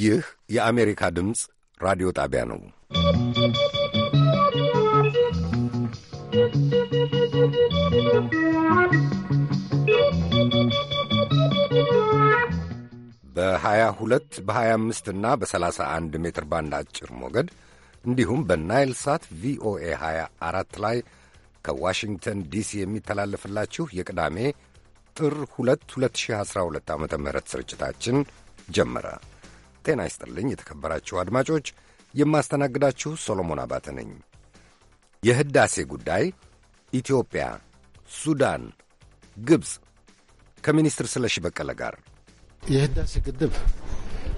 ይህ የአሜሪካ ድምፅ ራዲዮ ጣቢያ ነው። በ22 በ25 እና በ31 ሜትር ባንድ አጭር ሞገድ እንዲሁም በናይል ሳት ቪኦኤ 24 ላይ ከዋሽንግተን ዲሲ የሚተላለፍላችሁ የቅዳሜ ጥር 2 2012 ዓ ም ስርጭታችን ጀመረ። ጤና ይስጥልኝ የተከበራችሁ አድማጮች፣ የማስተናግዳችሁ ሶሎሞን አባተ ነኝ። የህዳሴ ጉዳይ ኢትዮጵያ፣ ሱዳን፣ ግብፅ ከሚኒስትር ስለሺ በቀለ ጋር የህዳሴ ግድብ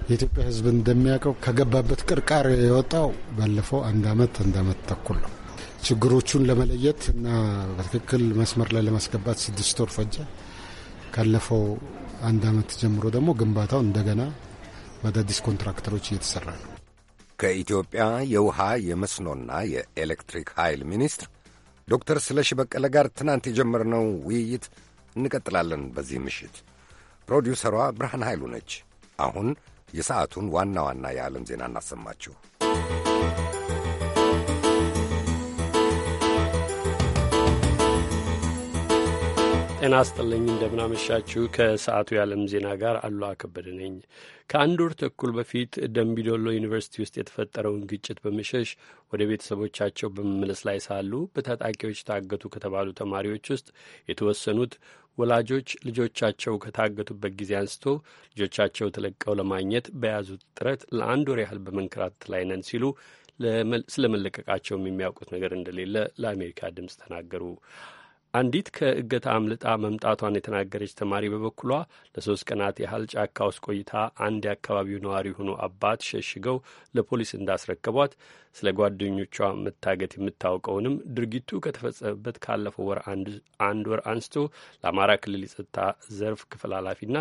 የኢትዮጵያ ህዝብ እንደሚያውቀው ከገባበት ቅርቃር የወጣው ባለፈው አንድ አመት አንድ አመት ተኩል ነው። ችግሮቹን ለመለየት እና በትክክል መስመር ላይ ለማስገባት ስድስት ወር ፈጀ። ካለፈው አንድ አመት ጀምሮ ደግሞ ግንባታው እንደገና በአዳዲስ ኮንትራክተሮች እየተሠራ ነው። ከኢትዮጵያ የውሃ የመስኖና የኤሌክትሪክ ኃይል ሚኒስትር ዶክተር ስለሺ በቀለ ጋር ትናንት የጀመርነው ውይይት እንቀጥላለን። በዚህ ምሽት ፕሮዲውሰሯ ብርሃን ኃይሉ ነች። አሁን የሰዓቱን ዋና ዋና የዓለም ዜና እናሰማችሁ። ጤና ስጥልኝ እንደምናመሻችሁ። ከሰዓቱ የዓለም ዜና ጋር አሉላ ከበደ ነኝ። ከአንድ ወር ተኩል በፊት ደምቢዶሎ ዩኒቨርሲቲ ውስጥ የተፈጠረውን ግጭት በመሸሽ ወደ ቤተሰቦቻቸው በመመለስ ላይ ሳሉ በታጣቂዎች ታገቱ ከተባሉ ተማሪዎች ውስጥ የተወሰኑት ወላጆች ልጆቻቸው ከታገቱበት ጊዜ አንስቶ ልጆቻቸው ተለቀው ለማግኘት በያዙት ጥረት ለአንድ ወር ያህል በመንከራተት ላይ ነን ሲሉ ስለመለቀቃቸው የሚያውቁት ነገር እንደሌለ ለአሜሪካ ድምፅ ተናገሩ። አንዲት ከእገታ አምልጣ መምጣቷን የተናገረች ተማሪ በበኩሏ ለሶስት ቀናት ያህል ጫካ ውስጥ ቆይታ አንድ የአካባቢው ነዋሪ ሆኖ አባት ሸሽገው ለፖሊስ እንዳስረከቧት ስለ ጓደኞቿ መታገት የምታውቀውንም ድርጊቱ ከተፈጸመበት ካለፈው ወር አንድ ወር አንስቶ ለአማራ ክልል የጸጥታ ዘርፍ ክፍል ኃላፊና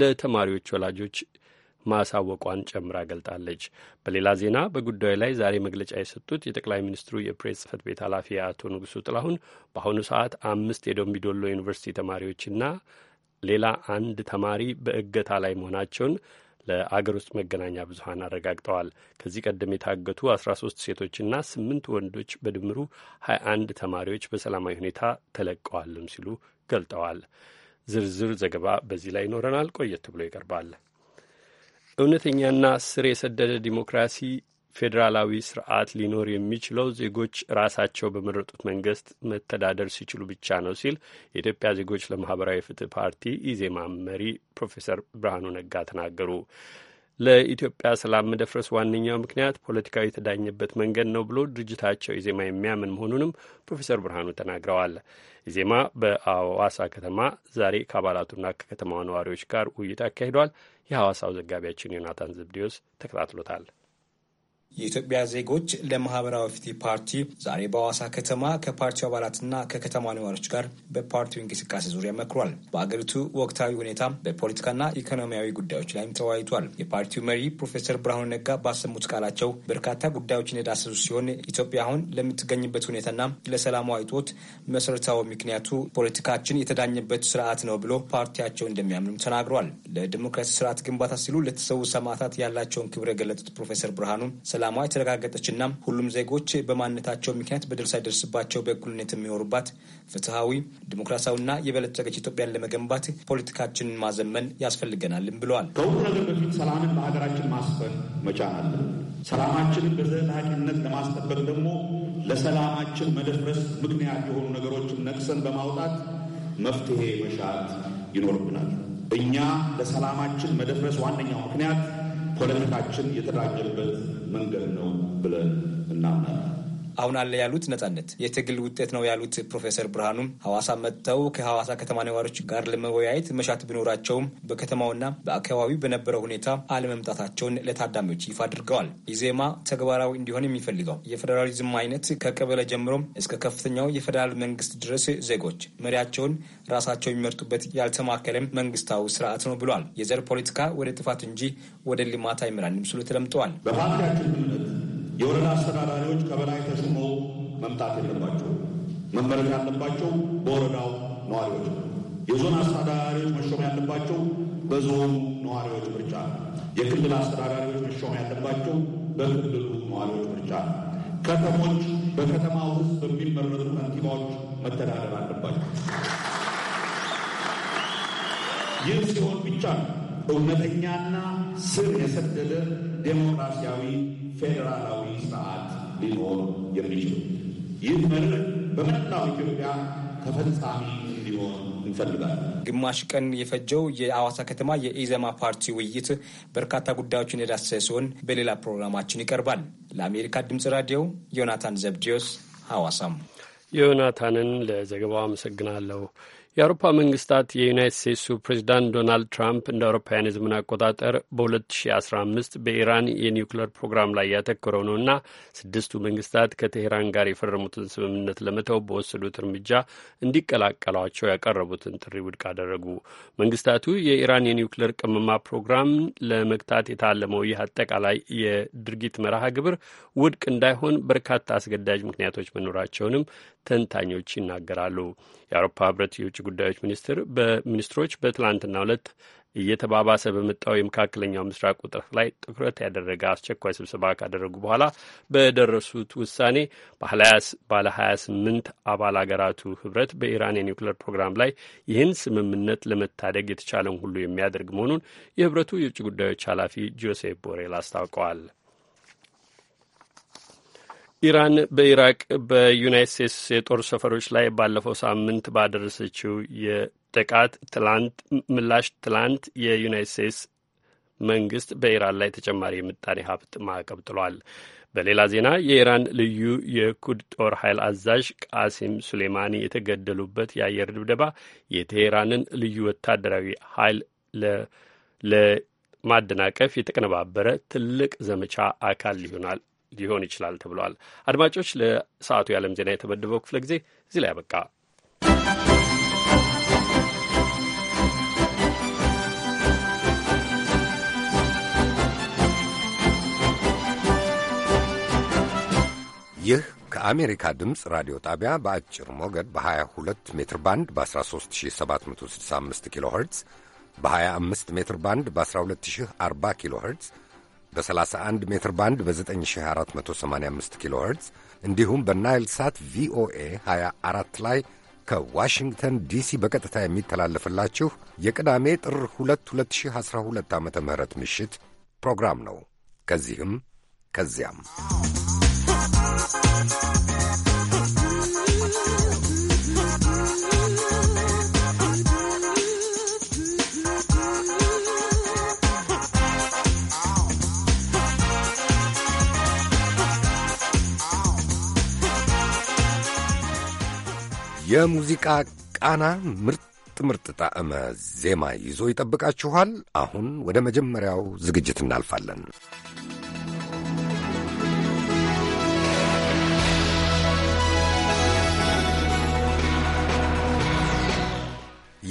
ለተማሪዎች ወላጆች ማሳወቋን ጨምራ ገልጣለች። በሌላ ዜና በጉዳዩ ላይ ዛሬ መግለጫ የሰጡት የጠቅላይ ሚኒስትሩ የፕሬስ ጽህፈት ቤት ኃላፊ አቶ ንጉሱ ጥላሁን በአሁኑ ሰዓት አምስት የደምቢዶሎ ዩኒቨርሲቲ ተማሪዎችና ሌላ አንድ ተማሪ በእገታ ላይ መሆናቸውን ለአገር ውስጥ መገናኛ ብዙኃን አረጋግጠዋል። ከዚህ ቀደም የታገቱ 13 ሴቶችና 8 ወንዶች በድምሩ 21 ተማሪዎች በሰላማዊ ሁኔታ ተለቀዋልም ሲሉ ገልጠዋል። ዝርዝር ዘገባ በዚህ ላይ ይኖረናል፣ ቆየት ብሎ ይቀርባል። እውነተኛና ስር የሰደደ ዲሞክራሲ ፌዴራላዊ ስርዓት ሊኖር የሚችለው ዜጎች ራሳቸው በመረጡት መንግስት መተዳደር ሲችሉ ብቻ ነው ሲል የኢትዮጵያ ዜጎች ለማህበራዊ ፍትህ ፓርቲ ኢዜማ መሪ ፕሮፌሰር ብርሃኑ ነጋ ተናገሩ። ለኢትዮጵያ ሰላም መደፍረስ ዋነኛው ምክንያት ፖለቲካዊ የተዳኘበት መንገድ ነው ብሎ ድርጅታቸው ኢዜማ የሚያምን መሆኑንም ፕሮፌሰር ብርሃኑ ተናግረዋል። ኢዜማ በአዋሳ ከተማ ዛሬ ከአባላቱና ከከተማዋ ነዋሪዎች ጋር ውይይት አካሂዷል። የሐዋሳው ዘጋቢያችን ዮናታን ዘብዲዮስ ተከታትሎታል። የኢትዮጵያ ዜጎች ለማህበራዊ ፍትህ ፓርቲ ዛሬ በሐዋሳ ከተማ ከፓርቲው አባላትና ከከተማ ነዋሪዎች ጋር በፓርቲው እንቅስቃሴ ዙሪያ መክሯል። በአገሪቱ ወቅታዊ ሁኔታ በፖለቲካና ኢኮኖሚያዊ ጉዳዮች ላይም ተወያይቷል። የፓርቲው መሪ ፕሮፌሰር ብርሃኑ ነጋ ባሰሙት ቃላቸው በርካታ ጉዳዮችን የዳሰሱ ሲሆን ኢትዮጵያ አሁን ለምትገኝበት ሁኔታና ለሰላማዊ እጦት መሰረታዊ ምክንያቱ ፖለቲካችን የተዳኘበት ስርዓት ነው ብሎ ፓርቲያቸው እንደሚያምኑ ተናግሯል። ለዲሞክራሲ ስርዓት ግንባታ ሲሉ ለተሰዉ ሰማዕታት ያላቸውን ክብር የገለጡት ፕሮፌሰር ብርሃኑ ሰላሟ የተረጋገጠችና ሁሉም ዜጎች በማንነታቸው ምክንያት በደል ሳይደርስባቸው በእኩልነት የሚኖሩባት ፍትሐዊ፣ ዲሞክራሲያዊና የበለጸገች ኢትዮጵያን ለመገንባት ፖለቲካችንን ማዘመን ያስፈልገናልም ብለዋል። ከሁሉ ነገር በፊት ሰላምን በሀገራችን ማስፈን መቻል አለ። ሰላማችንን በዘላቂነት ለማስጠበቅ ደግሞ ለሰላማችን መደፍረስ ምክንያት የሆኑ ነገሮችን ነቅሰን በማውጣት መፍትሄ መሻት ይኖርብናል። እኛ ለሰላማችን መደፍረስ ዋነኛው ምክንያት ፖለቲካችን የተደራጀበት መንገድ ነው ብለን እናምናለን። አሁን አለ ያሉት ነጻነት የትግል ውጤት ነው ያሉት ፕሮፌሰር ብርሃኑም ሐዋሳ መጥተው ከሐዋሳ ከተማ ነዋሪዎች ጋር ለመወያየት መሻት ቢኖራቸውም በከተማውና በአካባቢው በነበረው ሁኔታ አለመምጣታቸውን ለታዳሚዎች ይፋ አድርገዋል። ኢዜማ ተግባራዊ እንዲሆን የሚፈልገው የፌዴራሊዝም አይነት ከቀበሌ ጀምሮ እስከ ከፍተኛው የፌዴራል መንግስት ድረስ ዜጎች መሪያቸውን ራሳቸው የሚመርጡበት ያልተማከለም መንግስታዊ ስርዓት ነው ብሏል። የዘር ፖለቲካ ወደ ጥፋት እንጂ ወደ ልማት አይመራንም ሲሉ ተለምጠዋል። የወረዳ አስተዳዳሪዎች ከበላይ ተሹሞ መምጣት የለባቸው። መመረት ያለባቸው በወረዳው ነዋሪዎች ነው። የዞን አስተዳዳሪዎች መሾም ያለባቸው በዞኑ ነዋሪዎች ምርጫ የክልል አስተዳዳሪዎች መሾም ያለባቸው በክልሉ ነዋሪዎች ምርጫ ከተሞች በከተማው ውስጥ በሚመረጡ ከንቲባዎች መተዳደር አለባቸው። ይህ ሲሆን ብቻ ነው እውነተኛና ስር የሰደደ ዴሞክራሲያዊ ፌዴራላዊ ስርዓት ሊኖር የሚችል ይህ መርህ በመላው ኢትዮጵያ ተፈጻሚ እንዲሆን እንፈልጋለን። ግማሽ ቀን የፈጀው የአዋሳ ከተማ የኢዘማ ፓርቲ ውይይት በርካታ ጉዳዮችን የዳሰሰ ሲሆን በሌላ ፕሮግራማችን ይቀርባል። ለአሜሪካ ድምጽ ራዲዮ ዮናታን ዘብዲዮስ ሐዋሳም። ዮናታንን ለዘገባው አመሰግናለሁ። የአውሮፓ መንግስታት የዩናይት ስቴትሱ ፕሬዚዳንት ዶናልድ ትራምፕ እንደ አውሮፓውያን የዘመን አቆጣጠር በ2015 በኢራን የኒውክሌር ፕሮግራም ላይ ያተኮረው ነውና ስድስቱ መንግስታት ከቴሄራን ጋር የፈረሙትን ስምምነት ለመተው በወሰዱት እርምጃ እንዲቀላቀሏቸው ያቀረቡትን ጥሪ ውድቅ አደረጉ። መንግስታቱ የኢራን የኒውክሌር ቅመማ ፕሮግራም ለመግታት የታለመው ይህ አጠቃላይ የድርጊት መርሃ ግብር ውድቅ እንዳይሆን በርካታ አስገዳጅ ምክንያቶች መኖራቸውንም ተንታኞች ይናገራሉ። የአውሮፓ ህብረት የውጭ ጉዳዮች ሚኒስትር በሚኒስትሮች በትላንትናው ዕለት እየተባባሰ በመጣው የመካከለኛው ምስራቅ ውጥረት ላይ ትኩረት ያደረገ አስቸኳይ ስብሰባ ካደረጉ በኋላ በደረሱት ውሳኔ ባለ 28 አባል አገራቱ ህብረት በኢራን የኒውክሌር ፕሮግራም ላይ ይህን ስምምነት ለመታደግ የተቻለን ሁሉ የሚያደርግ መሆኑን የህብረቱ የውጭ ጉዳዮች ኃላፊ ጆሴፍ ቦሬል አስታውቀዋል። ኢራን በኢራቅ በዩናይት ስቴትስ የጦር ሰፈሮች ላይ ባለፈው ሳምንት ባደረሰችው የጥቃት ትላንት ምላሽ ትላንት የዩናይት ስቴትስ መንግስት በኢራን ላይ ተጨማሪ የምጣኔ ሀብት ማዕቀብ ጥሏል። በሌላ ዜና የኢራን ልዩ የኩድ ጦር ኃይል አዛዥ ቃሲም ሱሌማኒ የተገደሉበት የአየር ድብደባ የቴሄራንን ልዩ ወታደራዊ ኃይል ለማደናቀፍ የተቀነባበረ ትልቅ ዘመቻ አካል ይሆናል ሊሆን ይችላል ተብሏል። አድማጮች፣ ለሰዓቱ የዓለም ዜና የተመደበው ክፍለ ጊዜ እዚህ ላይ አበቃ። ይህ ከአሜሪካ ድምፅ ራዲዮ ጣቢያ በአጭር ሞገድ በ22 ሜትር ባንድ በ13765 ኪሎ ኸርትዝ በ25 ሜትር ባንድ በ12040 ኪሎ ኸርትዝ በ31 ሜትር ባንድ በ9485 ኪሎ ሄርትዝ እንዲሁም በናይል ሳት ቪኦኤ 24 ላይ ከዋሽንግተን ዲሲ በቀጥታ የሚተላለፍላችሁ የቅዳሜ ጥር 2 2012 ዓ ም ምሽት ፕሮግራም ነው። ከዚህም ከዚያም የሙዚቃ ቃና ምርጥ ምርጥ ጣዕመ ዜማ ይዞ ይጠብቃችኋል። አሁን ወደ መጀመሪያው ዝግጅት እናልፋለን።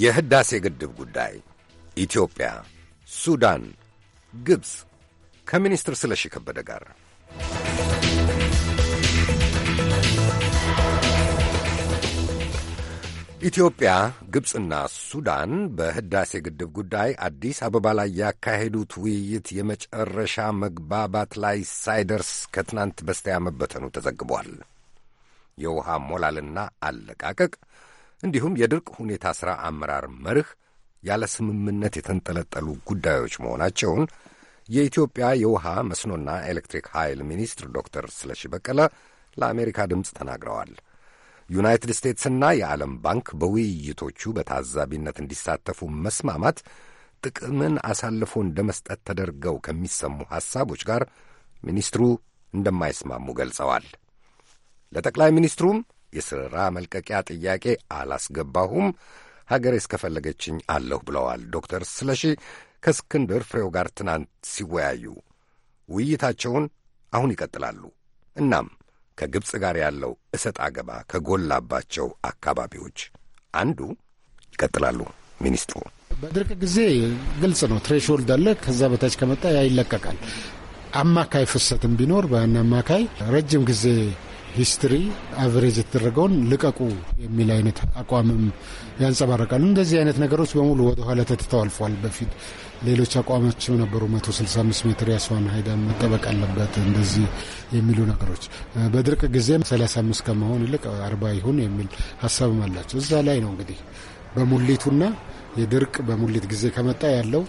የህዳሴ ግድብ ጉዳይ ኢትዮጵያ፣ ሱዳን፣ ግብፅ ከሚኒስትር ስለሺ ከበደ ጋር ኢትዮጵያ፣ ግብፅና ሱዳን በህዳሴ ግድብ ጉዳይ አዲስ አበባ ላይ ያካሄዱት ውይይት የመጨረሻ መግባባት ላይ ሳይደርስ ከትናንት በስቲያ መበተኑ ተዘግቧል። የውሃ ሞላልና አለቃቀቅ እንዲሁም የድርቅ ሁኔታ ሥራ አመራር መርህ ያለ ስምምነት የተንጠለጠሉ ጉዳዮች መሆናቸውን የኢትዮጵያ የውሃ መስኖና ኤሌክትሪክ ኃይል ሚኒስትር ዶክተር ስለሺ በቀለ ለአሜሪካ ድምፅ ተናግረዋል። ዩናይትድ ስቴትስና የዓለም ባንክ በውይይቶቹ በታዛቢነት እንዲሳተፉ መስማማት ጥቅምን አሳልፎ እንደ መስጠት ተደርገው ከሚሰሙ ሐሳቦች ጋር ሚኒስትሩ እንደማይስማሙ ገልጸዋል። ለጠቅላይ ሚኒስትሩም የሥራ መልቀቂያ ጥያቄ አላስገባሁም፣ ሀገሬ እስከፈለገችኝ አለሁ ብለዋል ዶክተር ስለሺ ከእስክንድር ፍሬው ጋር ትናንት ሲወያዩ ውይይታቸውን አሁን ይቀጥላሉ። እናም ከግብፅ ጋር ያለው እሰጥ አገባ ከጎላባቸው አካባቢዎች አንዱ ይቀጥላሉ ሚኒስትሩ። በድርቅ ጊዜ ግልጽ ነው፣ ትሬሽሆልድ አለ። ከዛ በታች ከመጣ ያ ይለቀቃል። አማካይ ፍሰትም ቢኖር በያን አማካይ ረጅም ጊዜ ሂስትሪ አቨሬጅ የተደረገውን ልቀቁ የሚል አይነት አቋምም ያንጸባርቃሉ። እንደዚህ አይነት ነገሮች በሙሉ ወደኋላ ተትተው አልፏል በፊት ሌሎች አቋሞችም ነበሩ። 165 ሜትር የአስዋን ሀይዳን መጠበቅ አለበት እንደዚህ የሚሉ ነገሮች በድርቅ ጊዜ 35 ከመሆን ይልቅ አርባ ይሁን የሚል ሀሳብም አላቸው። እዛ ላይ ነው እንግዲህ በሙሊቱና የድርቅ በሙሊት ጊዜ ከመጣ ያለው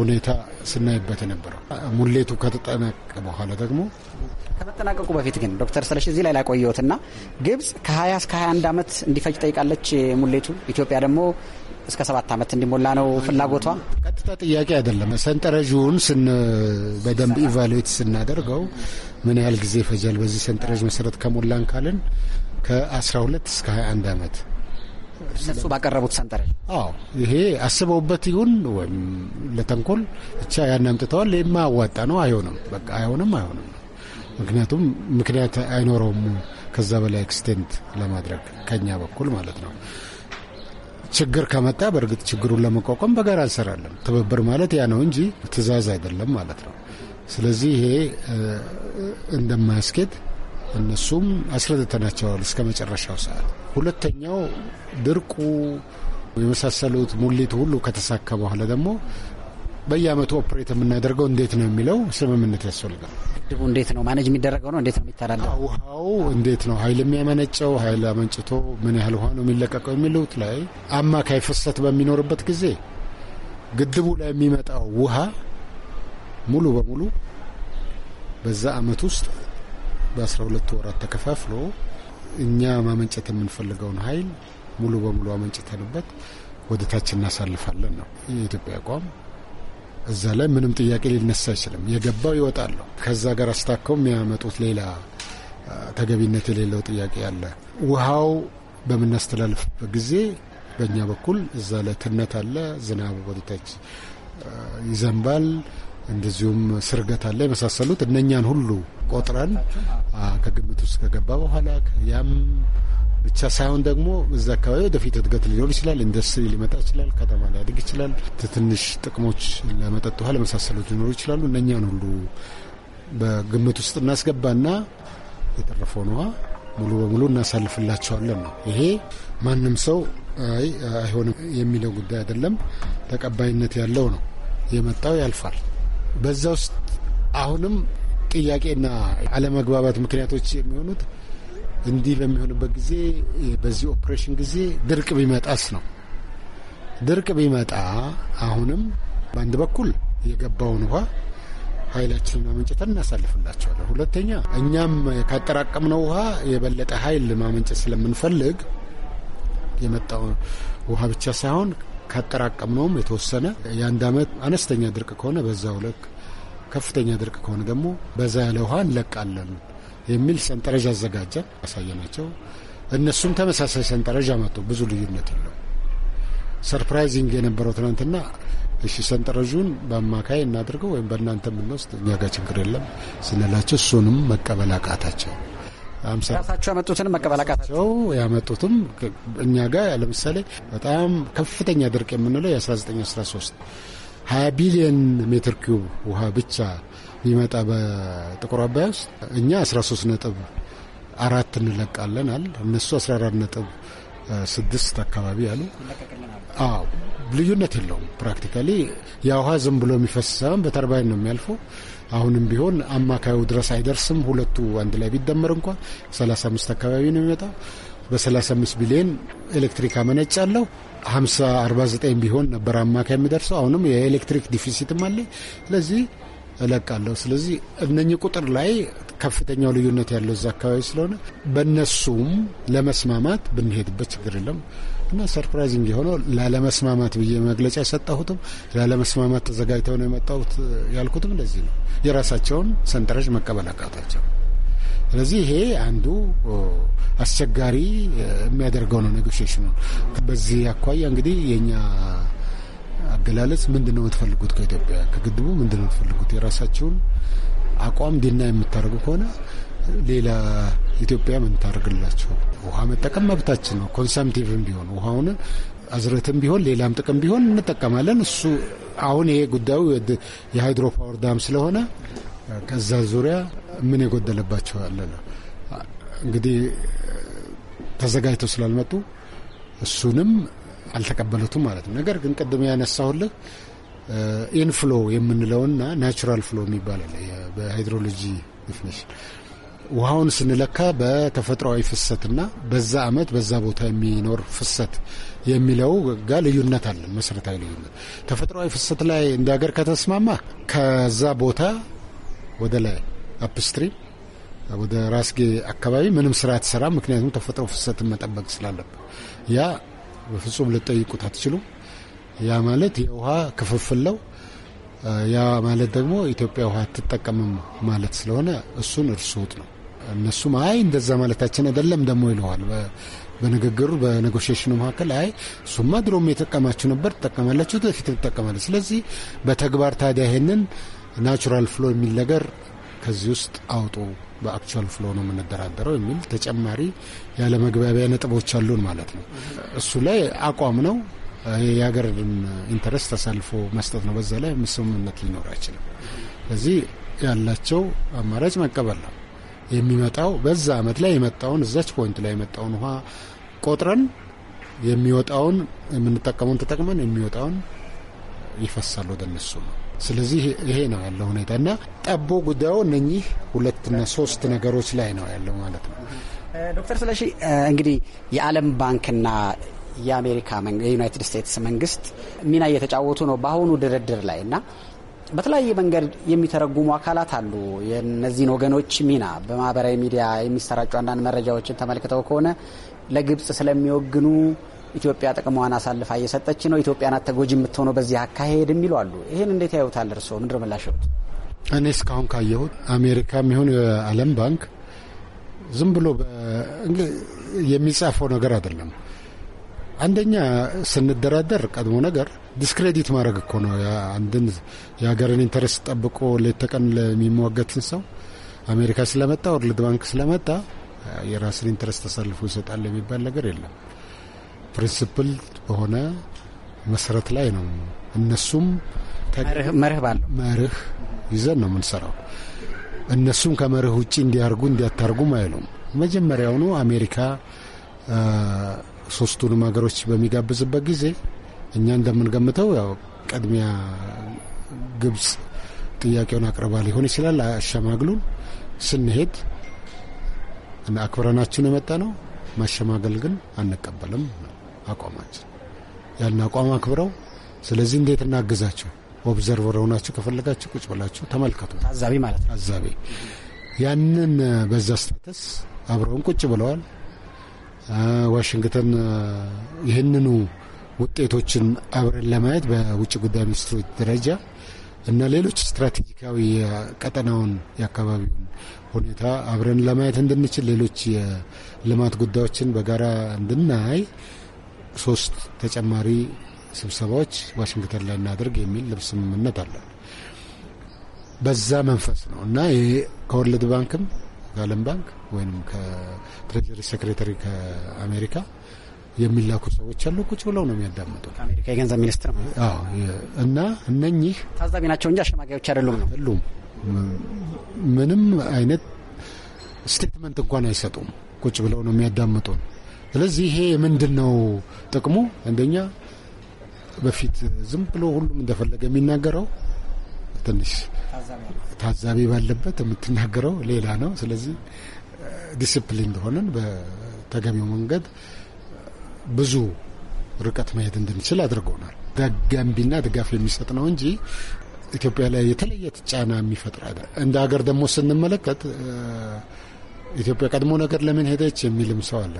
ሁኔታ ስናይበት የነበረው ሙሌቱ ከተጠናቀቀ በኋላ ደግሞ ከመጠናቀቁ በፊት ግን ዶክተር ስለሽ እዚህ ላይ ላቆየትና ግብጽ ከ20 እስከ 21 ዓመት እንዲፈጅ ጠይቃለች ሙሌቱ ኢትዮጵያ ደግሞ እስከ ሰባት ዓመት እንዲሞላ ነው ፍላጎቷ። ቀጥታ ጥያቄ አይደለም። ሰንጠረዥውን ስን በደንብ ኢቫሉዌት ስናደርገው ምን ያህል ጊዜ ይፈጃል? በዚህ ሰንጠረዥ መሰረት ከሞላን ካልን ከ12 እስከ 21 ዓመት እነሱ ባቀረቡት ሰንጠረዥ። አዎ ይሄ አስበውበት ይሁን ወይም ለተንኮል ብቻ ያን አምጥተዋል። የማያዋጣ ነው። አይሆንም፣ በቃ አይሆንም፣ አይሆንም። ምክንያቱም ምክንያት አይኖረውም ከዛ በላይ ኤክስቴንት ለማድረግ ከኛ በኩል ማለት ነው። ችግር ከመጣ በእርግጥ ችግሩን ለመቋቋም በጋራ እንሰራለን። ትብብር ማለት ያ ነው እንጂ ትዕዛዝ አይደለም ማለት ነው። ስለዚህ ይሄ እንደማያስኬድ እነሱም አስረድተናቸዋል እስከ መጨረሻው ሰዓት። ሁለተኛው ድርቁ የመሳሰሉት ሙሊቱ ሁሉ ከተሳካ በኋላ ደግሞ በየአመቱ ኦፕሬት የምናደርገው እንዴት ነው የሚለው ስምምነት ያስፈልጋል። ግድቡ እንዴት ነው ማኔጅ የሚደረገው ነው እንዴት ነው የሚተላለፈው? ውሃው እንዴት ነው ኃይል የሚያመነጨው ኃይል አመንጭቶ ምን ያህል ውሃ ነው የሚለቀቀው የሚሉት ላይ አማካይ ፍሰት በሚኖርበት ጊዜ ግድቡ ላይ የሚመጣው ውሃ ሙሉ በሙሉ በዛ አመት ውስጥ በአስራ ሁለት ወራት ተከፋፍሎ እኛ ማመንጨት የምንፈልገውን ኃይል ሙሉ በሙሉ አመንጭተንበት ወደ ታች እናሳልፋለን ነው የኢትዮጵያ አቋም። እዛ ላይ ምንም ጥያቄ ሊነሳ አይችልም። የገባው ይወጣለሁ። ከዛ ጋር አስታከው የሚያመጡት ሌላ ተገቢነት የሌለው ጥያቄ አለ። ውሃው በምናስተላልፍበት ጊዜ በእኛ በኩል እዛ ላይ ትነት አለ፣ ዝናብ ወደታች ይዘንባል፣ እንደዚሁም ስርገት አለ የመሳሰሉት እነኛን ሁሉ ቆጥረን ከግምት ውስጥ ከገባ በኋላ ያም ብቻ ሳይሆን ደግሞ እዛ አካባቢ ወደፊት እድገት ሊኖር ይችላል፣ ኢንዱስትሪ ሊመጣ ይችላል፣ ከተማ ሊያድግ ይችላል፣ ትንሽ ጥቅሞች ለመጠጥ ውሃ ለመሳሰሉት ሊኖሩ ይችላሉ። እነኛን ሁሉ በግምት ውስጥ እናስገባና የተረፈውን ውሃ ሙሉ በሙሉ እናሳልፍላቸዋለን ነው። ይሄ ማንም ሰው አይ አይሆንም የሚለው ጉዳይ አይደለም፣ ተቀባይነት ያለው ነው። የመጣው ያልፋል። በዛ ውስጥ አሁንም ጥያቄና አለመግባባት ምክንያቶች የሚሆኑት እንዲህ በሚሆንበት ጊዜ በዚህ ኦፕሬሽን ጊዜ ድርቅ ቢመጣስ ነው። ድርቅ ቢመጣ አሁንም በአንድ በኩል የገባውን ውሃ ኃይላችንን ማመንጨት እናሳልፍላቸዋለን። ሁለተኛ እኛም ካጠራቀምነው ውሃ የበለጠ ኃይል ማመንጨት ስለምንፈልግ የመጣው ውሃ ብቻ ሳይሆን ካጠራቀምነውም የተወሰነ የአንድ ዓመት አነስተኛ ድርቅ ከሆነ በዛው ልክ፣ ከፍተኛ ድርቅ ከሆነ ደግሞ በዛ ያለ ውሃ እንለቃለን። የሚል ሰንጠረዥ አዘጋጀን፣ ያሳየናቸው። እነሱም ተመሳሳይ ሰንጠረዥ አመጡ። ብዙ ልዩነት የለው። ሰርፕራይዚንግ የነበረው ትናንትና እሺ ሰንጠረዡን በአማካይ እናድርገው ወይም በእናንተ የምንወስድ እኛ ጋር ችግር የለም ስንላቸው እሱንም መቀበል አቃታቸው። ራሳቸው ያመጡትን መቀበል አቃታቸው። ያመጡትም እኛ ጋር ለምሳሌ በጣም ከፍተኛ ድርቅ የምንለው የ1913 20 ቢሊየን ሜትር ኪዩብ ውሃ ብቻ ቢመጣ በጥቁር አባይ ውስጥ እኛ 13 ነጥብ አራት እንለቃለን አለ። እነሱ 14 ነጥብ ስድስት አካባቢ አሉ። አዎ ልዩነት የለውም ፕራክቲካሊ። የውሃ ዝም ብሎ የሚፈስ ሳይሆን በተርባይን ነው የሚያልፈው። አሁንም ቢሆን አማካዩ ድረስ አይደርስም። ሁለቱ አንድ ላይ ቢደመር እንኳ 35 አካባቢ ነው የሚመጣው። በ35 ቢሊዮን ኤሌክትሪክ አመነጭ አለው 50 49 ቢሆን ነበር አማካይ የሚደርሰው። አሁንም የኤሌክትሪክ ዲፊሲትም አለ። ስለዚህ እለቃለሁ። ስለዚህ እነኚህ ቁጥር ላይ ከፍተኛው ልዩነት ያለው እዛ አካባቢ ስለሆነ በእነሱም ለመስማማት ብንሄድበት ችግር የለም እና ሰርፕራይዚንግ የሆነው ላለመስማማት ብዬ መግለጫ የሰጠሁትም ላለመስማማት ተዘጋጅተው ነው የመጣሁት ያልኩትም ለዚህ ነው፣ የራሳቸውን ሰንጠረዥ መቀበል አቃታቸው። ስለዚህ ይሄ አንዱ አስቸጋሪ የሚያደርገው ነው ኔጎሽሽኑ። በዚህ አኳያ እንግዲህ የእኛ አገላለጽ ምንድን ነው የምትፈልጉት? ከኢትዮጵያ ከግድቡ ምንድን ነው የምትፈልጉት? የራሳቸውን አቋም ዲና የምታደርጉ ከሆነ ሌላ ኢትዮጵያ ምን ታደርግላቸው? ውሃ መጠቀም መብታችን ነው። ኮንሰምቲቭም ቢሆን ውሃውን አዝረትም ቢሆን ሌላም ጥቅም ቢሆን እንጠቀማለን። እሱ አሁን ይሄ ጉዳዩ የሃይድሮ ፓወር ዳም ስለሆነ ከዛ ዙሪያ ምን የጎደለባቸው ያለ ነው እንግዲህ ተዘጋጅተው ስላልመጡ እሱንም አልተቀበሉትም ማለት ነው። ነገር ግን ቅድም ያነሳሁልህ ኢንፍሎ የምንለውና ናቹራል ፍሎ የሚባል በሃይድሮሎጂ ዲፊኒሽን ውሃውን ስንለካ በተፈጥሯዊ ፍሰትና በዛ አመት በዛ ቦታ የሚኖር ፍሰት የሚለው ጋር ልዩነት አለ። መሰረታዊ ልዩነት ተፈጥሯዊ ፍሰት ላይ እንደ ሀገር ከተስማማ ከዛ ቦታ ወደ ላይ አፕስትሪም ወደ ራስጌ አካባቢ ምንም ስራ አትሰራም። ምክንያቱም ተፈጥሮ ፍሰትን መጠበቅ ስላለብን ያ በፍጹም ልጠይቁት አትችሉም። ያ ማለት የውሃ ክፍፍል ነው። ያ ማለት ደግሞ ኢትዮጵያ ውሃ አትጠቀምም ማለት ስለሆነ እሱን እርሱት ነው። እነሱም አይ እንደዛ ማለታችን አይደለም ደግሞ ይለዋል። በንግግሩ በኔጎሽሽኑ መካከል አይ እሱማ ድሮም የጠቀማችሁ ነበር፣ ትጠቀማላችሁ፣ ወደፊት ትጠቀማለች። ስለዚህ በተግባር ታዲያ ይሄንን ናቹራል ፍሎ የሚል ነገር ከዚህ ውስጥ አውጡ በአክቹዋል ፍሎ ነው የምንደራደረው የሚል ተጨማሪ ያለ መግባቢያ ነጥቦች አሉን ማለት ነው። እሱ ላይ አቋም ነው የሀገርን ኢንተረስት ተሳልፎ መስጠት ነው። በዛ ላይ ስምምነት ሊኖር አይችልም። ስለዚህ ያላቸው አማራጭ መቀበል ነው የሚመጣው በዛ አመት ላይ የመጣውን እዛች ፖይንት ላይ የመጣውን ውሃ ቆጥረን የሚወጣውን የምንጠቀመውን ተጠቅመን የሚወጣውን ይፈሳል ወደ እነሱ ነው። ስለዚህ ይሄ ነው ያለው ሁኔታ እና ጠቦ ጉዳዩ እነኚህ ሁለትና ሶስት ነገሮች ላይ ነው ያለው ማለት ነው። ዶክተር ስለሺ እንግዲህ የዓለም ባንክና የአሜሪካ የዩናይትድ ስቴትስ መንግስት ሚና እየተጫወቱ ነው በአሁኑ ድርድር ላይ እና በተለያየ መንገድ የሚተረጉሙ አካላት አሉ። የእነዚህን ወገኖች ሚና በማህበራዊ ሚዲያ የሚሰራጩ አንዳንድ መረጃዎችን ተመልክተው ከሆነ ለግብጽ ስለሚወግኑ ኢትዮጵያ ጥቅሟን አሳልፋ እየሰጠች ነው፣ ኢትዮጵያ ናት ተጎጂ የምትሆነው በዚህ አካሄድ የሚሉ አሉ። ይህን እንዴት ያዩታል እርስዎ? ምድር ምላሽት? እኔ እስካሁን ካየሁት አሜሪካ የሚሆን የዓለም ባንክ ዝም ብሎ የሚጻፈው ነገር አይደለም። አንደኛ ስንደራደር ቀድሞ ነገር ዲስክሬዲት ማድረግ እኮ ነው። አንድን የሀገርን ኢንተረስት ጠብቆ ሌት ተቀን ለሚሟገትን ሰው አሜሪካ ስለመጣ ወርልድ ባንክ ስለመጣ የራስን ኢንተረስት ተሰልፎ ይሰጣል የሚባል ነገር የለም። ፕሪንስፕል በሆነ መሰረት ላይ ነው። እነሱም መርህ ባለው መርህ ይዘን ነው የምንሰራው። እነሱም ከመርህ ውጭ እንዲያርጉ እንዲያታርጉም አይሉም። መጀመሪያውኑ አሜሪካ ሶስቱንም ሀገሮች በሚጋብዝበት ጊዜ እኛ እንደምንገምተው ያው ቅድሚያ ግብጽ ጥያቄውን አቅርባ ሊሆን ይችላል። አሸማግሉን ስንሄድ አክብረናችሁን የመጣ ነው ማሸማገል ግን አንቀበልም ነው አቋማችን ያን አቋም አክብረው ስለዚህ እንዴት እናግዛቸው ኦብዘርቨር ሆናችሁ ከፈለጋችሁ ቁጭ ብላችሁ ተመልከቱ። ታዛቢ ማለት ነው። ታዛቢ ያንን በዛ ስታተስ አብረውን ቁጭ ብለዋል። ዋሽንግተን ይህንኑ ውጤቶችን አብረን ለማየት በውጭ ጉዳይ ሚኒስትሮች ደረጃ እና ሌሎች ስትራቴጂካዊ ቀጠናውን የአካባቢውን ሁኔታ አብረን ለማየት እንድንችል ሌሎች የልማት ጉዳዮችን በጋራ እንድናይ ሶስት ተጨማሪ ስብሰባዎች ዋሽንግተን ላይ እናደርግ የሚል ልብ ስምምነት አለ። በዛ መንፈስ ነው እና ይሄ ከወርልድ ባንክም ከዓለም ባንክ ወይም ከትሬጀሪ ሴክሬታሪ ከአሜሪካ የሚላኩ ሰዎች አሉ። ቁጭ ብለው ነው የሚያዳምጡ። አሜሪካ የገንዘብ ሚኒስትር እና እነኚህ ታዛቢ ናቸው እንጂ አሸማጋዮች አይደሉም ነው አይደሉም። ምንም አይነት ስቴትመንት እንኳን አይሰጡም። ቁጭ ብለው ነው የሚያዳምጡን። ስለዚህ ይሄ ምንድን ነው ጥቅሙ? አንደኛ በፊት ዝም ብሎ ሁሉም እንደፈለገ የሚናገረው ትንሽ ታዛቢ ባለበት የምትናገረው ሌላ ነው። ስለዚህ ዲስፕሊን እንደሆነን በተገቢው መንገድ ብዙ ርቀት መሄድ እንድንችል አድርገውናል። ገንቢና ድጋፍ የሚሰጥ ነው እንጂ ኢትዮጵያ ላይ የተለየ ጫና የሚፈጥር እንደ ሀገር ደግሞ ስንመለከት ኢትዮጵያ ቀድሞ ነገር ለምን ሄደች የሚልም ሰው አለ።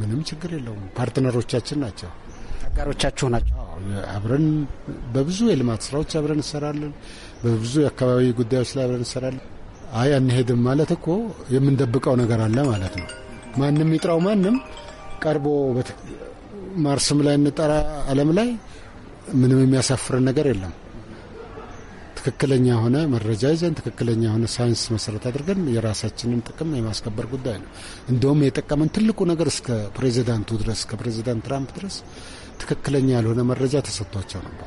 ምንም ችግር የለውም። ፓርትነሮቻችን ናቸው፣ አጋሮቻችሁ ናቸው። አብረን በብዙ የልማት ስራዎች አብረን እንሰራለን። በብዙ የአካባቢ ጉዳዮች ላይ አብረን እንሰራለን። አይ አንሄድም ማለት እኮ የምንደብቀው ነገር አለ ማለት ነው። ማንም ይጥራው ማንም ቀርቦ ማርስም ላይ እንጠራ አለም ላይ ምንም የሚያሳፍርን ነገር የለም። ትክክለኛ የሆነ መረጃ ይዘን ትክክለኛ የሆነ ሳይንስ መሰረት አድርገን የራሳችንን ጥቅም የማስከበር ጉዳይ ነው። እንደውም የጠቀመን ትልቁ ነገር እስከ ፕሬዚዳንቱ ድረስ ፕሬዚዳንት ትራምፕ ድረስ ትክክለኛ ያልሆነ መረጃ ተሰጥቷቸው ነበር።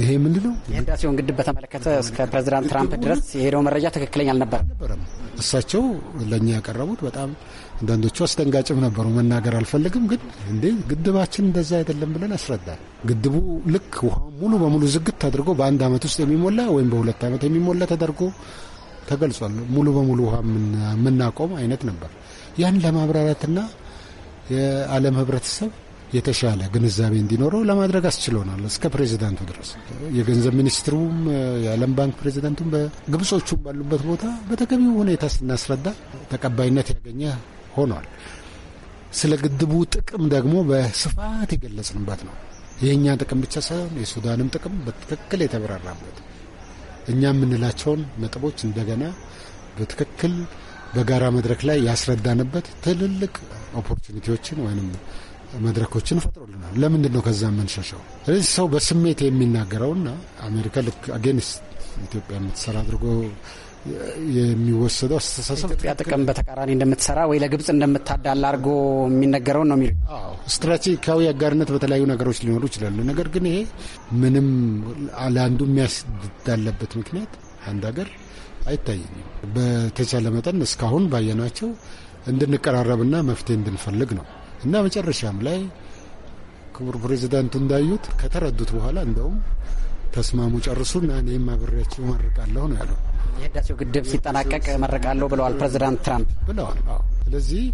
ይሄ ምንድ ነው? የህዳሴውን ግድብ በተመለከተ እስከ ፕሬዚዳንት ትራምፕ ድረስ የሄደው መረጃ ትክክለኛ አልነበረም። እሳቸው ለእኛ ያቀረቡት በጣም አንዳንዶቹ አስደንጋጭም ነበሩ። መናገር አልፈልግም፣ ግን እንዴ ግድባችን እንደዛ አይደለም ብለን ያስረዳል። ግድቡ ልክ ውሃ ሙሉ በሙሉ ዝግት ተደርጎ በአንድ አመት ውስጥ የሚሞላ ወይም በሁለት ዓመት የሚሞላ ተደርጎ ተገልጿል። ሙሉ በሙሉ ውሃ የምናቆም አይነት ነበር። ያን ለማብራራትና የዓለም ህብረተሰብ የተሻለ ግንዛቤ እንዲኖረው ለማድረግ አስችሎናል። እስከ ፕሬዚዳንቱ ድረስ የገንዘብ ሚኒስትሩም የዓለም ባንክ ፕሬዚዳንቱም በግብጾቹም ባሉበት ቦታ በተገቢው ሁኔታ ስናስረዳ ተቀባይነት ያገኘ ሆኗል። ስለ ግድቡ ጥቅም ደግሞ በስፋት የገለጽንበት ነው። የእኛ ጥቅም ብቻ ሳይሆን የሱዳንም ጥቅም በትክክል የተብራራበት እኛ የምንላቸውን ነጥቦች እንደገና በትክክል በጋራ መድረክ ላይ ያስረዳንበት ትልልቅ ኦፖርቹኒቲዎችን ወይም መድረኮችን ፈጥሮልናል። ለምንድን ነው ከዛ የምንሸሸው? ስለዚህ ሰው በስሜት የሚናገረውና አሜሪካ ልክ አጌንስት ኢትዮጵያ የምትሰራ አድርጎ የሚወሰደው አስተሳሰብ ኢትዮጵያ ጥቅም በተቃራኒ እንደምትሰራ ወይ ለግብጽ እንደምታዳላ አድርጎ የሚነገረውን ነው የሚሉ ስትራቴጂካዊ አጋርነት በተለያዩ ነገሮች ሊኖሩ ይችላሉ። ነገር ግን ይሄ ምንም ለአንዱ የሚያስዳለበት ምክንያት አንድ ሀገር አይታየኝም። በተቻለ መጠን እስካሁን ባየናቸው እንድንቀራረብና መፍትሄ እንድንፈልግ ነው እና መጨረሻም ላይ ክቡር ፕሬዚዳንቱ እንዳዩት ከተረዱት በኋላ እንደውም ተስማሙ ጨርሱና እኔም አብሬያቸው መርቃለሁ ነው ያለው። የህዳሴው ግድብ ሲጠናቀቅ መርቃለሁ ብለዋል ፕሬዚዳንት ትራምፕ ብለዋል። ስለዚህ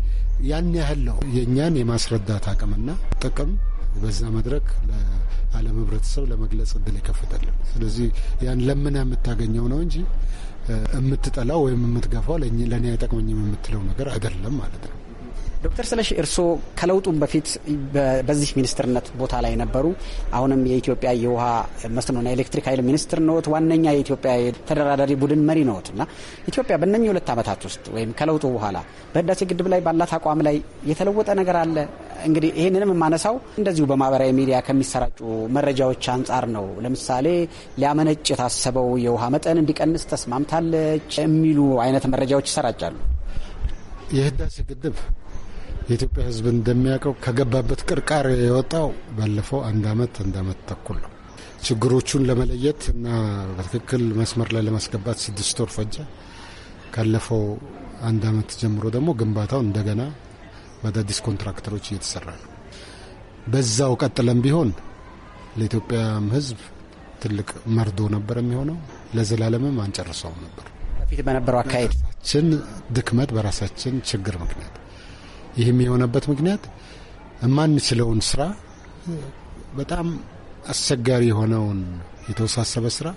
ያን ያህል ነው የእኛን የማስረዳት አቅምና ጥቅም በዛ መድረክ ለዓለም ህብረተሰብ ለመግለጽ እድል ይከፍታለን። ስለዚህ ያን ለምን የምታገኘው ነው እንጂ የምትጠላው ወይም የምትገፋው ለእኔ አይጠቅመኝም የምትለው ነገር አይደለም ማለት ነው። ዶክተር ስለሺ እርስዎ ከለውጡም በፊት በዚህ ሚኒስትርነት ቦታ ላይ ነበሩ። አሁንም የኢትዮጵያ የውሃ መስኖና ኤሌክትሪክ ኃይል ሚኒስትር ነዎት። ዋነኛ የኢትዮጵያ ተደራዳሪ ቡድን መሪ ነዎት እና ኢትዮጵያ በእነኚህ ሁለት ዓመታት ውስጥ ወይም ከለውጡ በኋላ በህዳሴ ግድብ ላይ ባላት አቋም ላይ የተለወጠ ነገር አለ? እንግዲህ ይህንንም የማነሳው እንደዚሁ በማህበራዊ ሚዲያ ከሚሰራጩ መረጃዎች አንጻር ነው። ለምሳሌ ሊያመነጭ የታሰበው የውሃ መጠን እንዲቀንስ ተስማምታለች የሚሉ አይነት መረጃዎች ይሰራጫሉ። የህዳሴ ግድብ የኢትዮጵያ ሕዝብ እንደሚያውቀው ከገባበት ቅርቃር የወጣው ባለፈው አንድ አመት አንድ አመት ተኩል ነው። ችግሮቹን ለመለየት እና በትክክል መስመር ላይ ለማስገባት ስድስት ወር ፈጀ። ካለፈው አንድ አመት ጀምሮ ደግሞ ግንባታው እንደገና በአዳዲስ ኮንትራክተሮች እየተሰራ ነው። በዛው ቀጥለን ቢሆን ለኢትዮጵያም ሕዝብ ትልቅ መርዶ ነበር የሚሆነው። ለዘላለምም አንጨርሰውም ነበር። በፊት በነበረው አካሄዳችን ድክመት በራሳችን ችግር ምክንያት ይህም የሆነበት ምክንያት የማንችለውን ስራ በጣም አስቸጋሪ የሆነውን የተወሳሰበ ስራ፣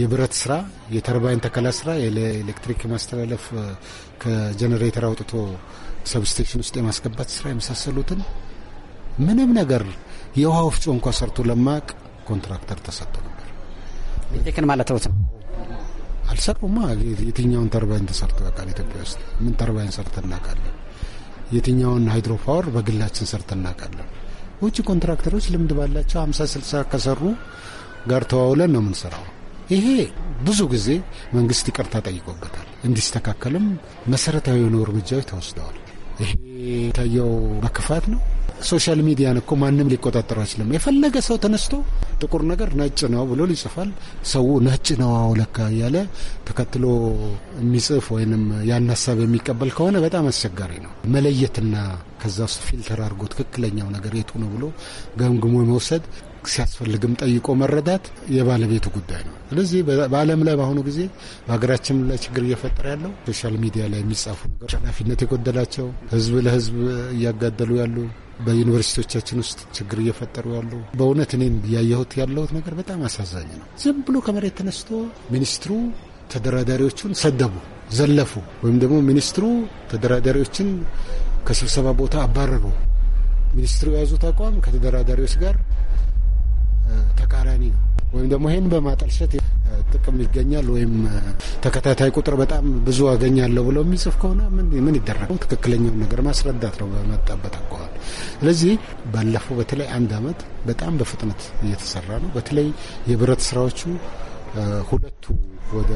የብረት ስራ፣ የተርባይን ተከላ ስራ፣ የኤሌክትሪክ ማስተላለፍ ከጀኔሬተር አውጥቶ ሰብስቴሽን ውስጥ የማስገባት ስራ የመሳሰሉትን ምንም ነገር የውሃ ወፍጮ እንኳ ሰርቶ ለማቅ ኮንትራክተር ተሰጥቶ ነበር። ቴክን ማለት ነው አልሰሩማ። የትኛውን ተርባይን ተሰርቶ ያውቃል? ኢትዮጵያ ውስጥ ምን ተርባይን ሰርተ እናውቃለን? የትኛውን ሃይድሮ ፓወር በግላችን ሰርተን እናውቃለን። ውጭ ኮንትራክተሮች ልምድ ባላቸው ሀምሳ ስልሳ ከሰሩ ጋር ተዋውለን ነው የምንሰራው። ይሄ ብዙ ጊዜ መንግስት ይቅርታ ጠይቆበታል። እንዲስተካከልም መሰረታዊ የሆኑ እርምጃዎች ተወስደዋል። ይሄ የታየው በክፋት ነው ሶሻል ሚዲያን እኮ ማንም ሊቆጣጠረው አይችልም። የፈለገ ሰው ተነስቶ ጥቁር ነገር ነጭ ነው ብሎ ሊጽፋል። ሰው ነጭ ነው አውለካ እያለ ተከትሎ የሚጽፍ ወይንም ያን ሀሳብ የሚቀበል ከሆነ በጣም አስቸጋሪ ነው መለየትና ከዛ ውስጥ ፊልተር አድርጎ ትክክለኛው ነገር የቱ ነው ብሎ ገምግሞ መውሰድ ሲያስፈልግም ጠይቆ መረዳት የባለቤቱ ጉዳይ ነው። ስለዚህ በዓለም ላይ በአሁኑ ጊዜ በሀገራችን ላይ ችግር እየፈጠረ ያለው ሶሻል ሚዲያ ላይ የሚጻፉ ነገሮች ኃላፊነት የጎደላቸው ህዝብ ለህዝብ እያጋደሉ ያሉ በዩኒቨርሲቲዎቻችን ውስጥ ችግር እየፈጠሩ ያሉ በእውነት እኔም ያየሁት ያለሁት ነገር በጣም አሳዛኝ ነው። ዝም ብሎ ከመሬት ተነስቶ ሚኒስትሩ ተደራዳሪዎቹን ሰደቡ፣ ዘለፉ፣ ወይም ደግሞ ሚኒስትሩ ተደራዳሪዎችን ከስብሰባ ቦታ አባረሩ። ሚኒስትሩ የያዙት አቋም ከተደራዳሪዎች ጋር ተቃራኒ ነው። ወይም ደግሞ ይህን በማጠልሸት ጥቅም ይገኛል ወይም ተከታታይ ቁጥር በጣም ብዙ አገኛለሁ ብለው የሚጽፍ ከሆነ ምን ይደረግ? ትክክለኛውን ነገር ማስረዳት ነው በመጣበት አቋም ስለዚህ ባለፈው በተለይ አንድ አመት በጣም በፍጥነት እየተሰራ ነው። በተለይ የብረት ስራዎቹ ሁለቱ ወደ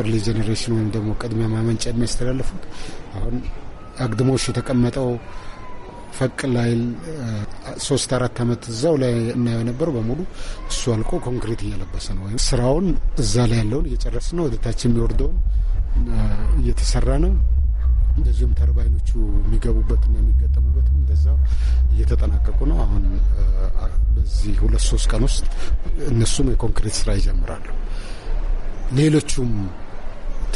ኤርሊ ጀኔሬሽን ወይም ደግሞ ቅድሚያ ማመንጫ የሚያስተላልፉት አሁን አግድሞሽ የተቀመጠው ፈቅ ላይ ሶስት አራት አመት እዛው ላይ እናየው የነበረው በሙሉ እሱ አልቆ ኮንክሪት እየለበሰ ነው። ወይም ስራውን እዛ ላይ ያለውን እየጨረስ ነው። ወደ ታች የሚወርደውን እየተሰራ ነው። እንደዚሁም ተርባይኖቹ የሚገቡበትና የሚገጠሙበትም እንደዛ እየተጠናቀቁ ነው። አሁን በዚህ ሁለት ሶስት ቀን ውስጥ እነሱም የኮንክሪት ስራ ይጀምራሉ። ሌሎቹም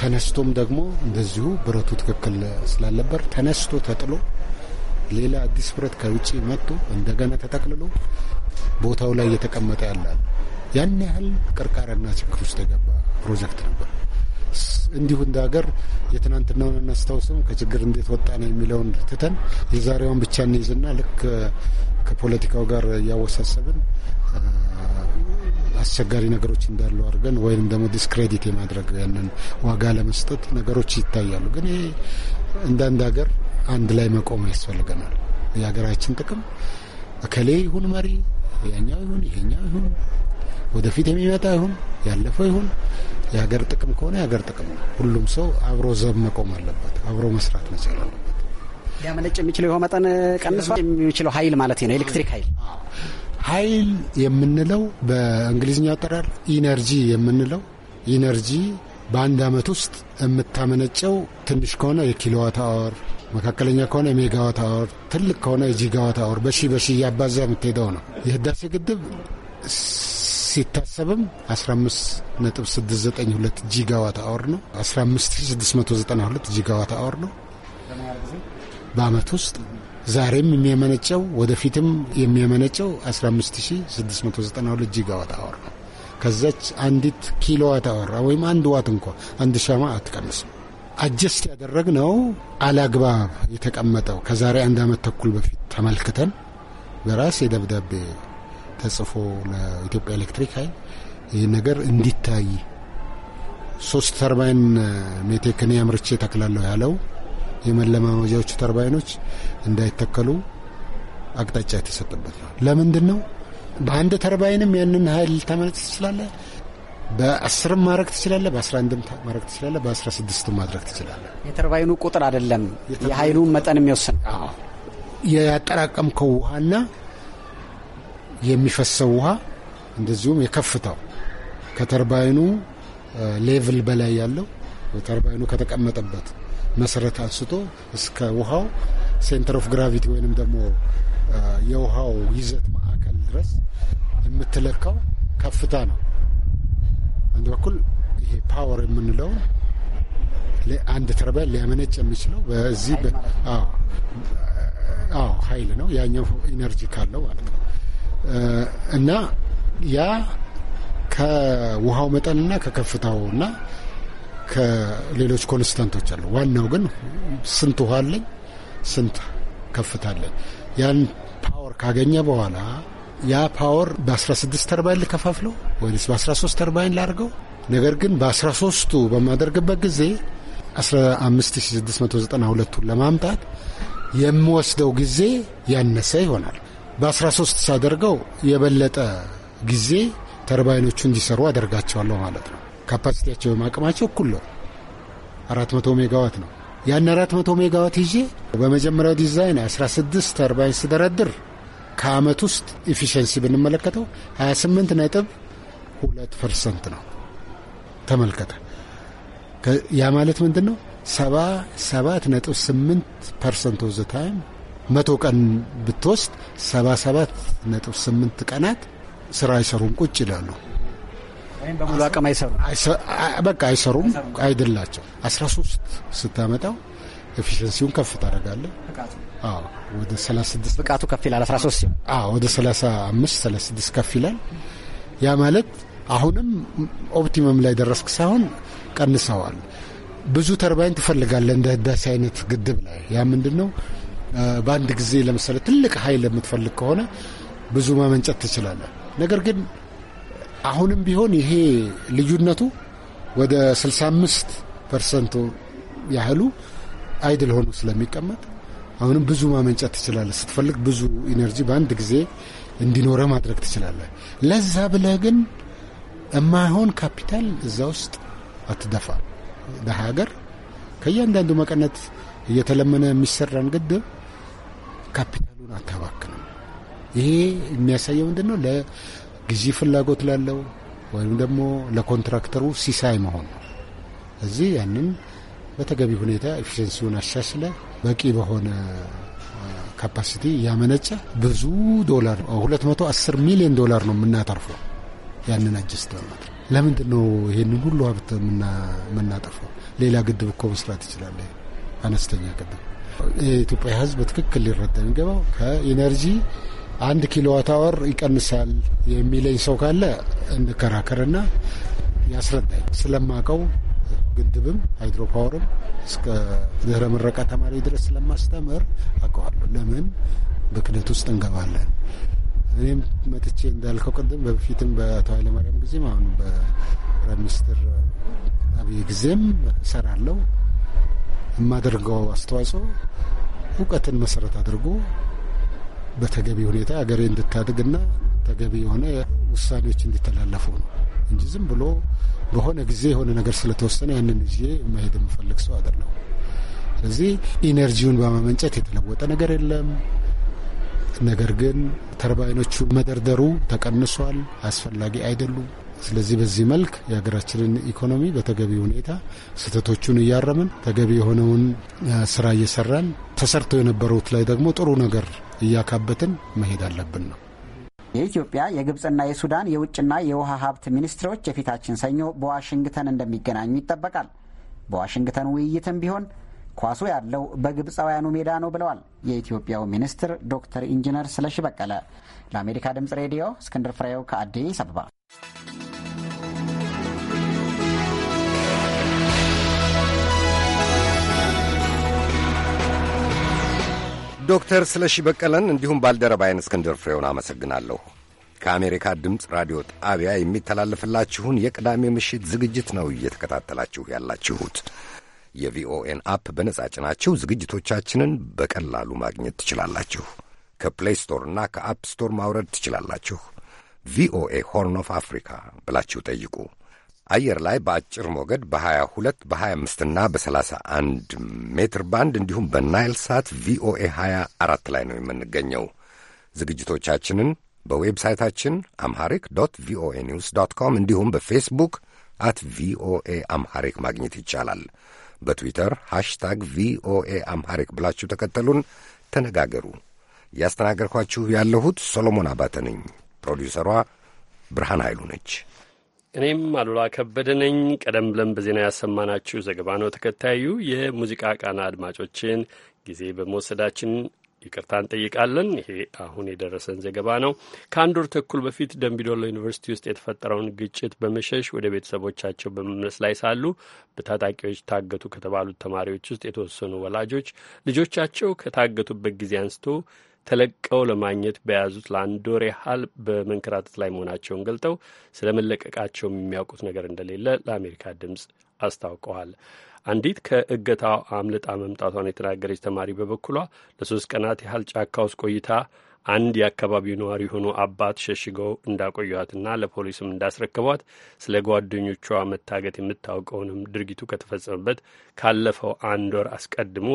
ተነስቶም ደግሞ እንደዚሁ ብረቱ ትክክል ስላልነበር ተነስቶ ተጥሎ ሌላ አዲስ ብረት ከውጭ መጥቶ እንደገና ተጠቅልሎ ቦታው ላይ እየተቀመጠ ያላል ያን ያህል ቅርቃርና ችግር ውስጥ የገባ ፕሮጀክት ነበር። እንዲሁ እንደ ሀገር የትናንትናውን እናስታውስም፣ ከችግር እንዴት ወጣን የሚለውን ትተን የዛሬዋን ብቻ እንይዝና ልክ ከፖለቲካው ጋር እያወሳሰብን አስቸጋሪ ነገሮች እንዳሉ አድርገን ወይም ደግሞ ዲስክሬዲት የማድረግ ያንን ዋጋ ለመስጠት ነገሮች ይታያሉ። ግን ይሄ እንዳንድ ሀገር አንድ ላይ መቆም ያስፈልገናል። የሀገራችን ጥቅም እከሌ ይሁን መሪ፣ ያኛው ይሁን ይሄኛው ይሁን፣ ወደፊት የሚመጣ ይሁን፣ ያለፈው ይሁን የሀገር ጥቅም ከሆነ የሀገር ጥቅም ነው። ሁሉም ሰው አብሮ ዘብ መቆም አለበት፣ አብሮ መስራት መቻል አለበት። ሊያመነጭ የሚችለው የውሃ መጠን ቀንሶ የሚችለው ኃይል ማለት ነው ኤሌክትሪክ ኃይል ኃይል የምንለው በእንግሊዝኛ አጠራር ኢነርጂ የምንለው ኢነርጂ በአንድ አመት ውስጥ የምታመነጨው ትንሽ ከሆነ የኪሎዋት አወር፣ መካከለኛ ከሆነ የሜጋዋት አወር፣ ትልቅ ከሆነ የጂጋዋት አወር በሺ በሺ እያባዛ የምትሄደው ነው። የህዳሴ ግድብ ሲታሰብም 15692 ጂጋዋት አወር ነው። 15692 ጂጋዋት አወር ነው በአመት ውስጥ ዛሬም የሚያመነጨው ወደፊትም የሚያመነጨው 15692 ጂጋዋት አወር ነው። ከዛች አንዲት ኪሎዋት አወር ወይም አንድ ዋት እንኳ አንድ ሻማ አትቀንስም። አጀስት ያደረግነው አላግባብ የተቀመጠው ከዛሬ አንድ አመት ተኩል በፊት ተመልክተን በራሴ ደብዳቤ ተጽፎ ለኢትዮጵያ ኤሌክትሪክ ኃይል ይህ ነገር እንዲታይ ሶስት ተርባይን ሜቴክን ያምርቼ ተክላለሁ ያለው የመለማመጃዎቹ ተርባይኖች እንዳይተከሉ አቅጣጫ የተሰጠበት ነው። ለምንድን ነው በአንድ ተርባይንም ያንን ኃይል ታመነጭ ትችላለ። በአስርም ማድረግ ትችላለ። በአስራ አንድም ማድረግ ትችላለ። በአስራ ስድስትም ማድረግ ትችላለ የተርባይኑ ቁጥር አይደለም የኃይሉን መጠን የሚወስን ያጠራቀምከው ውሃና የሚፈሰው ውሃ እንደዚሁም የከፍታው ከተርባይኑ ሌቭል በላይ ያለው ተርባይኑ ከተቀመጠበት መሰረት አንስቶ እስከ ውሃው ሴንተር ኦፍ ግራቪቲ ወይንም ደግሞ የውሃው ይዘት ማዕከል ድረስ የምትለካው ከፍታ ነው። አንድ በኩል ይሄ ፓወር የምንለው አንድ ተርባይን ሊያመነጭ የሚችለው በዚህ ኃይል ነው። ያኛው ኢነርጂ ካለው ማለት ነው። እና ያ ከውሃው መጠንና እና ከሌሎች ኮንስተንቶች አሉ። ዋናው ግን ስንት ውሃ አለኝ፣ ስንት ከፍታ አለኝ። ያን ፓወር ካገኘ በኋላ ያ ፓወር በ16 ተርባይን ልከፋፍለው ወይስ በ13 ተርባይን ላድርገው? ነገር ግን በ13ቱ በማደርግበት ጊዜ 15692ቱን ለማምጣት የምወስደው ጊዜ ያነሰ ይሆናል። በ13 ሳደርገው የበለጠ ጊዜ ተርባይኖቹ እንዲሰሩ አደርጋቸዋለሁ ማለት ነው። ካፓሲቲያቸው የማቅማቸው አቅማቸው እኩል ነው። 400 ሜጋዋት ነው። ያን 400 ሜጋዋት ይዤ በመጀመሪያው ዲዛይን 16 ተርባይን ስደረድር ከአመት ውስጥ ኢፊሽንሲ ብንመለከተው 28 ነጥብ 2 ፐርሰንት ነው። ተመልከተ። ያ ማለት ምንድን ነው? 77 ነጥብ 8 ፐርሰንት ኦፍ ዘ ታይም መቶ ቀን ብትወስድ ሰባ ሰባት ነጥብ ስምንት ቀናት ስራ አይሰሩም፣ ቁጭ ይላሉ። በሙሉ አቅም አይሰሩም፣ በቃ አይሰሩም፣ አይደላቸው። አስራ ሶስት ስታመጣው ኤፊሽንሲውን ከፍ ታደርጋለህ። ወደ ሰላሳ ብቃቱ ከፍ ይላል። አስራ ሶስት ሲሆን ወደ ሰላሳ አምስት ከፍ ይላል። ያ ማለት አሁንም ኦፕቲመም ላይ ደረስክ ሳይሆን ቀንሰዋል። ብዙ ተርባይን ትፈልጋለህ እንደ ህዳሴ አይነት ግድብ ላይ ያ ምንድን ነው በአንድ ጊዜ ለምሳሌ ትልቅ ኃይል የምትፈልግ ከሆነ ብዙ ማመንጨት ትችላለህ። ነገር ግን አሁንም ቢሆን ይሄ ልዩነቱ ወደ 65 ፐርሰንቱ ያህሉ አይድል ሆኖ ስለሚቀመጥ አሁንም ብዙ ማመንጨት ትችላለህ። ስትፈልግ ብዙ ኢነርጂ በአንድ ጊዜ እንዲኖረ ማድረግ ትችላለህ። ለዛ ብለህ ግን የማይሆን ካፒታል እዛ ውስጥ አትደፋ። ለሀገር ከእያንዳንዱ መቀነት እየተለመነ የሚሰራን ግድብ ካፒታሉን አታባክንም። ይሄ የሚያሳየው ምንድን ነው? ለጊዜ ፍላጎት ላለው ወይም ደግሞ ለኮንትራክተሩ ሲሳይ መሆን ነው። እዚህ ያንን በተገቢ ሁኔታ ኤፊሽንሲውን አሻሽለ በቂ በሆነ ካፓሲቲ ያመነጨ ብዙ ዶላር 210 ሚሊዮን ዶላር ነው የምናተርፈው። ያንን አጀስት በማድረግ ለምንድን ነው ይህንን ሁሉ ሀብት የምናጠፈው? ሌላ ግድብ እኮ መስራት ይችላለ አነስተኛ ግድብ የኢትዮጵያ ሕዝብ በትክክል ሊረዳ የሚገባው ከኢነርጂ አንድ ኪሎዋት አወር ይቀንሳል የሚለኝ ሰው ካለ እንከራከርና ያስረዳኝ ስለማቀው ግድብም ሃይድሮፓወርም እስከ ድህረ ምረቃ ተማሪ ድረስ ስለማስተምር አውቀዋለሁ። ለምን በክደት ውስጥ እንገባለን? እኔም መጥቼ እንዳልከው ቅድም በፊትም በአቶ ኃይለማርያም ጊዜም አሁን በጠቅላይ ሚኒስትር አብይ ጊዜም እሰራለሁ። የማደርገው አስተዋጽኦ እውቀትን መሰረት አድርጎ በተገቢ ሁኔታ ሀገሬ እንድታድግና ተገቢ የሆነ ውሳኔዎች እንዲተላለፉ ነው እንጂ ዝም ብሎ በሆነ ጊዜ የሆነ ነገር ስለተወሰነ ያንን ጊዜ መሄድ የምፈልግ ሰው አይደለም። ስለዚህ ኢነርጂውን በማመንጨት የተለወጠ ነገር የለም። ነገር ግን ተርባይኖቹ መደርደሩ ተቀንሷል፣ አስፈላጊ አይደሉም። ስለዚህ በዚህ መልክ የሀገራችንን ኢኮኖሚ በተገቢ ሁኔታ ስህተቶቹን እያረምን ተገቢ የሆነውን ስራ እየሰራን ተሰርተው የነበሩት ላይ ደግሞ ጥሩ ነገር እያካበትን መሄድ አለብን ነው። የኢትዮጵያ የግብፅና የሱዳን የውጭና የውሃ ሀብት ሚኒስትሮች የፊታችን ሰኞ በዋሽንግተን እንደሚገናኙ ይጠበቃል። በዋሽንግተን ውይይትም ቢሆን ኳሱ ያለው በግብፃውያኑ ሜዳ ነው ብለዋል የኢትዮጵያው ሚኒስትር ዶክተር ኢንጂነር ስለሺ በቀለ። ለአሜሪካ ድምፅ ሬዲዮ እስክንድር ፍሬው ከአዲስ አበባ ዶክተር ስለሺ በቀለን እንዲሁም ባልደረባይን እስክንድር ፍሬውን አመሰግናለሁ። ከአሜሪካ ድምፅ ራዲዮ ጣቢያ የሚተላለፍላችሁን የቅዳሜ ምሽት ዝግጅት ነው እየተከታተላችሁ ያላችሁት። የቪኦኤን አፕ በነጻ ጭናችሁ ዝግጅቶቻችንን በቀላሉ ማግኘት ትችላላችሁ። ከፕሌይ ስቶርና ከአፕ ስቶር ማውረድ ትችላላችሁ። ቪኦኤ ሆርን ኦፍ አፍሪካ ብላችሁ ጠይቁ። አየር ላይ በአጭር ሞገድ በ22 በ25 እና በ31 ሜትር ባንድ እንዲሁም በናይል ሳት ቪኦኤ 24 ላይ ነው የምንገኘው። ዝግጅቶቻችንን በዌብሳይታችን አምሃሪክ ዶት ቪኦኤ ኒውስ ዶት ኮም እንዲሁም በፌስቡክ አት ቪኦኤ አምሃሪክ ማግኘት ይቻላል። በትዊተር ሃሽታግ ቪኦኤ አምሃሪክ ብላችሁ ተከተሉን፣ ተነጋገሩ። እያስተናገርኳችሁ ያለሁት ሶሎሞን አባተ ነኝ። ፕሮዲውሰሯ ብርሃን ኃይሉ ነች። እኔም አሉላ ከበደ ነኝ። ቀደም ብለን በዜና ያሰማናችሁ ዘገባ ነው ተከታዩ። የሙዚቃ ቃና አድማጮችን ጊዜ በመወሰዳችን ይቅርታ እንጠይቃለን። ይሄ አሁን የደረሰን ዘገባ ነው። ከአንድ ወር ተኩል በፊት ደንቢዶሎ ዩኒቨርሲቲ ውስጥ የተፈጠረውን ግጭት በመሸሽ ወደ ቤተሰቦቻቸው በመመለስ ላይ ሳሉ በታጣቂዎች ታገቱ ከተባሉት ተማሪዎች ውስጥ የተወሰኑ ወላጆች ልጆቻቸው ከታገቱበት ጊዜ አንስቶ ተለቀው ለማግኘት በያዙት ለአንድ ወር ያህል በመንከራተት ላይ መሆናቸውን ገልጠው ስለ መለቀቃቸውም የሚያውቁት ነገር እንደሌለ ለአሜሪካ ድምፅ አስታውቀዋል። አንዲት ከእገታው አምልጣ መምጣቷን የተናገረች ተማሪ በበኩሏ ለሶስት ቀናት ያህል ጫካ ውስጥ ቆይታ አንድ የአካባቢው ነዋሪ የሆኑ አባት ሸሽገው እንዳቆዩትና ለፖሊስም እንዳስረከቧት ስለ ጓደኞቿ መታገት የምታውቀውንም ድርጊቱ ከተፈጸመበት ካለፈው አንድ ወር አስቀድሞ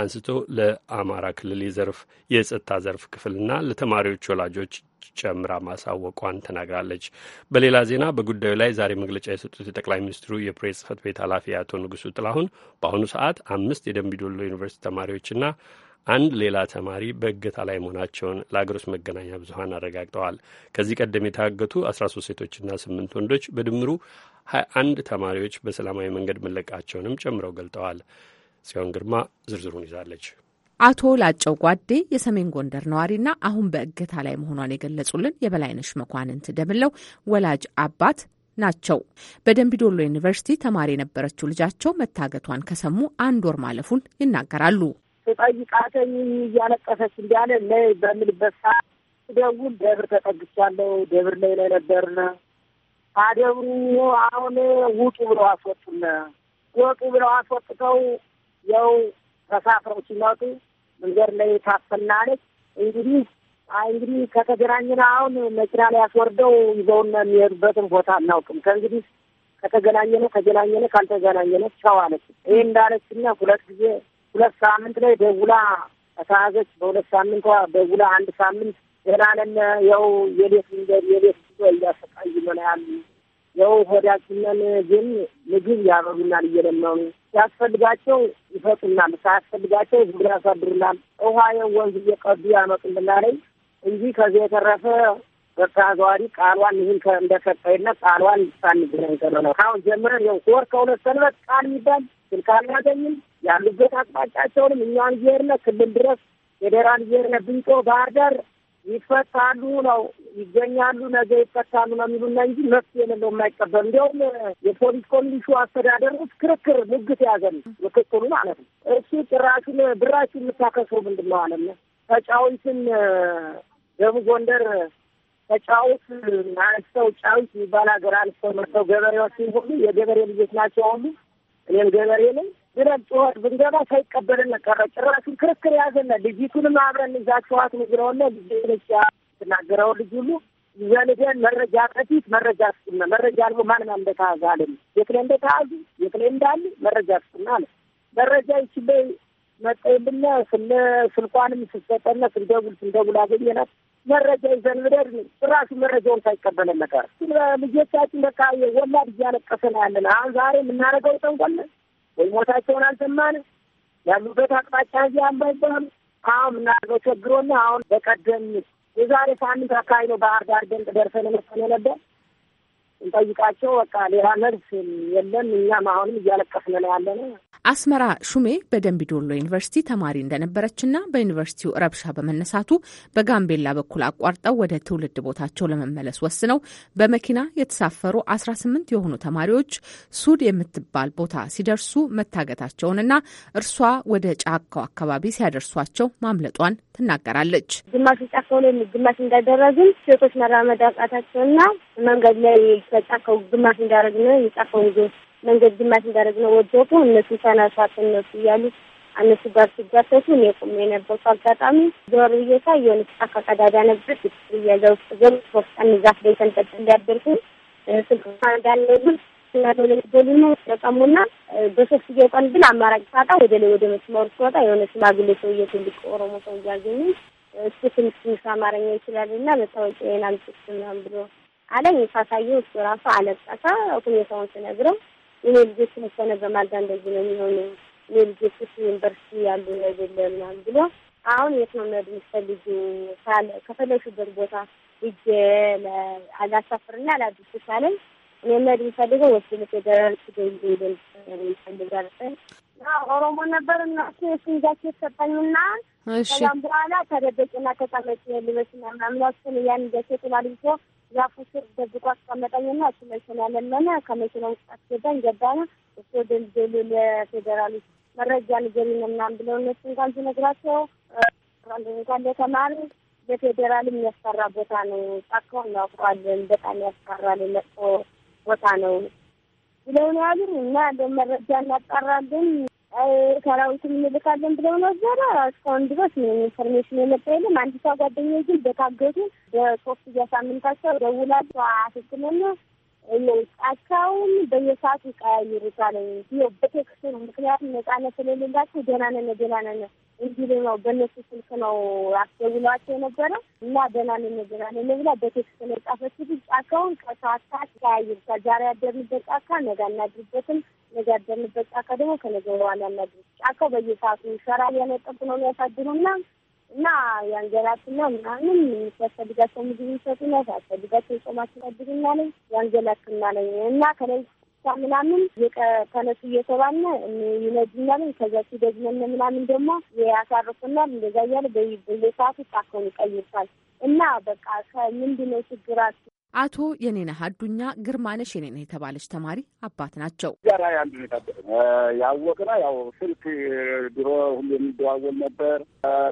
አንስቶ ለአማራ ክልል የዘርፍ የጸጥታ ዘርፍ ክፍልና ለተማሪዎች ወላጆች ጨምራ ማሳወቋን ተናግራለች። በሌላ ዜና በጉዳዩ ላይ ዛሬ መግለጫ የሰጡት የጠቅላይ ሚኒስትሩ የፕሬስ ጽህፈት ቤት ኃላፊ አቶ ንጉሱ ጥላሁን በአሁኑ ሰዓት አምስት የደምቢዶሎ ዩኒቨርሲቲ ተማሪዎችና አንድ ሌላ ተማሪ በእገታ ላይ መሆናቸውን ለአገር ውስጥ መገናኛ ብዙኃን አረጋግጠዋል። ከዚህ ቀደም የታገቱ 13 ሴቶችና ስምንት ወንዶች በድምሩ 21 ተማሪዎች በሰላማዊ መንገድ መለቃቸውንም ጨምረው ገልጠዋል። ጽዮን ግርማ ዝርዝሩን ይዛለች። አቶ ላጨው ጓዴ የሰሜን ጎንደር ነዋሪና አሁን በእገታ ላይ መሆኗን የገለጹልን የበላይነሽ መኳንንት ደምለው ወላጅ አባት ናቸው። በደንቢዶሎ ዩኒቨርሲቲ ተማሪ የነበረችው ልጃቸው መታገቷን ከሰሙ አንድ ወር ማለፉን ይናገራሉ። ስጠይቃተኝ እያለቀሰች እንዲያለ ለ በምልበት ሰዓት ደውል ደብር ተጠግቻለሁ፣ ደብር ላይ ላይ ነበርን። አደብሩ አሁን ውጡ ብለው አስወጡን። ወጡ ብለው አስወጥተው ያው ተሳፍረው ሲመጡ መንገድ ላይ ታፈናለች። እንግዲህ አይ እንግዲህ ከተገናኝን አሁን መኪና ላይ ያስወርደው ይዘውን የሚሄዱበትን ቦታ አናውቅም። ከእንግዲህ ከተገናኘነ ተገናኘነ፣ ካልተገናኘነ ቻው አለች። ይህ እንዳለችና ሁለት ጊዜ ሁለት ሳምንት ላይ ደውላ ተያዘች። በሁለት ሳምንቷ ደውላ አንድ ሳምንት ደህና ነን፣ ያው የሌት መንገድ የሌት ጉዞ እያሰቃዩ ነው ያሉ ያው ሆዳችንን ግን ምግብ ያበሉናል እየለመኑ ሲያስፈልጋቸው ይፈጡናል፣ ሳያስፈልጋቸው ዝም ብለው ያሳድሩናል። ውሃ የወንዝ እየቀዱ ያመጡልናል እንጂ ከዚህ የተረፈ በተዘዋዋሪ ቃሏን ይህን እንደሰጠይና ቃሏን ሳንገናኝ ቀረ ነው። ካሁን ጀምረን ያው ወር ከሁለት ሰንበት ቃል የሚባል ስልክ አናገኝም። ያሉበት አቅጣጫቸውንም እኛን ጊርነ ክልል ድረስ ፌዴራል ጊርነ ብንጮ ባህር ዳር ይፈታሉ ነው ይገኛሉ፣ ነገ ይፈታሉ ነው የሚሉና እንጂ መፍትሄ የሌለው የማይቀበል እንዲያውም የፖሊስ ኮሚሽኑ አስተዳደር ውስጥ ክርክር ሙግት ያዘን ምክክሉ ማለት ነው። እሱ ጭራሹን ብራችሁ የምታከስሩ ምንድን ነው አለም ተጫዊትን ደቡብ ጎንደር ተጫዊት አንስተው ጫዊት የሚባል ሀገር አንስተው መጥተው ገበሬዎች ሁሉ የገበሬ ልጆች ናቸው ሁሉ እኔም ገበሬ ነኝ ብለን ጩኸት ብንገባ ሳይቀበልን ቀረ። ጭራሹን ክርክር ያዘና ልጅቱንም አብረን ይዛችኋት ንግረውና ጊዜ ነች ያናገረው ልጅ ሁሉ ዘልደን መረጃ በፊት መረጃ ስጡና መረጃ አልቦ ማንም እንደተያዘ አለ። የክሌ ላይ እንደተያዙ የት እንዳሉ መረጃ ስጡና አለ። መረጃ ይችለ መጠይልና ስነ ስልኳንም ስሰጠና ስንደውል ስንደውል አገኘናት። መረጃ ይዘን ብደር ጭራሹ መረጃውን ሳይቀበለን ቀረ። ልጆቻችን በቃ ወላድ እያለቀሰ ነው ያለን። አሁን ዛሬ የምናደርገው ጠንቆለን ወይ ሞታቸውን ያሉበት አቅጣጫ እዚህ አንባይባሉ አሁን ምናደርገው ቸግሮና አሁን በቀደም የዛሬ ሳምንት አካባቢ ነው ባህር ዳር ደንቅ ደርሰን መሰለህ ነበር እንጠይቃቸው በቃ ሌላ መልስ የለም። እኛም አሁንም እያለቀስን ነው ያለ ነው። አስመራ ሹሜ በደንቢ ዶሎ ዩኒቨርሲቲ ተማሪ እንደነበረችና በዩኒቨርሲቲው ረብሻ በመነሳቱ በጋምቤላ በኩል አቋርጠው ወደ ትውልድ ቦታቸው ለመመለስ ወስነው በመኪና የተሳፈሩ አስራ ስምንት የሆኑ ተማሪዎች ሱድ የምትባል ቦታ ሲደርሱ መታገታቸውንና እርሷ ወደ ጫካው አካባቢ ሲያደርሷቸው ማምለጧን ትናገራለች። ግማሽ ጫካው ላይ ግማሽ እንዳደረግን ሴቶች መራመድ አቃታቸውና መንገድ ላይ ከጫካው ግማሽ ነው የጫካው ይዞ መንገድ ግማሽ ነው ወደቁ። እነሱ ተነሷት እነሱ እያሉ እነሱ ጋር ሲጋተቱ እኔ ቁሜ የነበርኩ አጋጣሚ ዞር እየታ የሆነ ጫካ ቀዳዳ ነበር እያዛ ውስጥ ገብ ዛፍ ላይ ተንጠጥ እንዳደርኩ ስልክ እንዳለብን ስናደለገሉና ተቀሙና በሶስት ቀን ግን አማራጭ ሳጣ ወደ ላይ ወደ መስመሩ ስወጣ የሆነ ሽማግሌ ሰውዬ ትልቅ ኦሮሞ ሰው እያገኙ እሱ ትንሽ ትንሽ አማርኛ መታወቂያ ምናምን ብሎ አለኝ ሳሳየው እሱ ራሱ አለቀሰ። ሁኔታውን ስነግረው ይሄ ልጆች መሰነ በማልዳ እንደዚህ ነው የሚሆኑ ይሄ ልጆች ስ ዩኒቨርሲቲ ያሉ አይደለ ምናምን ብሎ አሁን የት ነው መሄድ የምትፈልጊ ሳለ ቦታ ሂጅ አላሳፍርና አላድርስ ሳለኝ እኔ መሄድ የምፈልገው ወስድ ፌደራል ትገኝ ይፈልጋል ኦሮሞ ነበር እና እሱን ጃኬት ሰጠኝና ከዛም በኋላ ተደበቂና ተቀመጭ ልበስና ምናምን ያን ጃኬቱን አድርጎ ዛፉ ስር ደብቆ አስቀመጠኝና እሱ መኪና ለመነ። ከመኪና ውስጥ አስገዳኝ ገባነ። እሱ ደልደሉ ለፌዴራሉ መረጃ ንገሪ ምናምን ብለው እነሱ እንኳን ሲነግራቸው እንኳን ለተማሪ ለፌዴራል የሚያስፈራ ቦታ ነው። ጫካውን እናውቀዋለን። በጣም ያስፈራል። መጥፎ ቦታ ነው ብለው ነው ያሉን እና ያለውን መረጃ እናጣራለን ሰራዊትም እንልካለን ብለው ነበረ። እስካሁን ድረስ ምንም ኢንፎርሜሽን የመጣ የለም። አንድ ሰው ጓደኛ ግን በታገቱ በሶስተኛ እያሳምንታቸው ደውላል አስክመን ጫካውን በየሰዓቱ ይቀያይሩታል። በቴክስት ነው። ምክንያቱም ነጻነት ስለሌላቸው ደህና ነን ደህና ነን እንዲሉ ነው። በእነሱ ስልክ ነው አስደውለዋቸው የነበረ እና ደህና ነን ደህና ነን ብላ በቴክስ ነው የጻፈችው። ጫካውን ከሰዓት ሰዓት ይቀያይሩታል። ዛሬ ያደርንበት ጫካ ነገ አናድርበትም ነገ ያደርንበት ጫካ ደግሞ ከነገ በኋላ ያናድሩ ጫካው በየሰዓቱ ሸራ እያነጠፉ ነው የሚያሳድሩ ና እና የአንገላችን ነው ምናምን የሚያስፈልጋቸው ምግብ ይሰጡና ያስፈልጋቸው የጾማችን ያድሩና ነኝ የአንገላችንና ነኝ እና ከላይ ምናምን ተነሱ እየተባለ ይነጅናል። ከዛ ሲደግመን ምናምን ደግሞ ያሳርፉናል። እንደዛ እያለ በየሰዓቱ ጫካውን ይቀይርታል እና በቃ ከምንድነው ችግራችን? አቶ የኔነህ አዱኛ ግርማነሽ የኔነህ የተባለች ተማሪ አባት ናቸው። ጋር አንድ ሁኔታ ያወቅና ያው ስልክ ድሮ ሁሉ የሚደዋወል ነበር።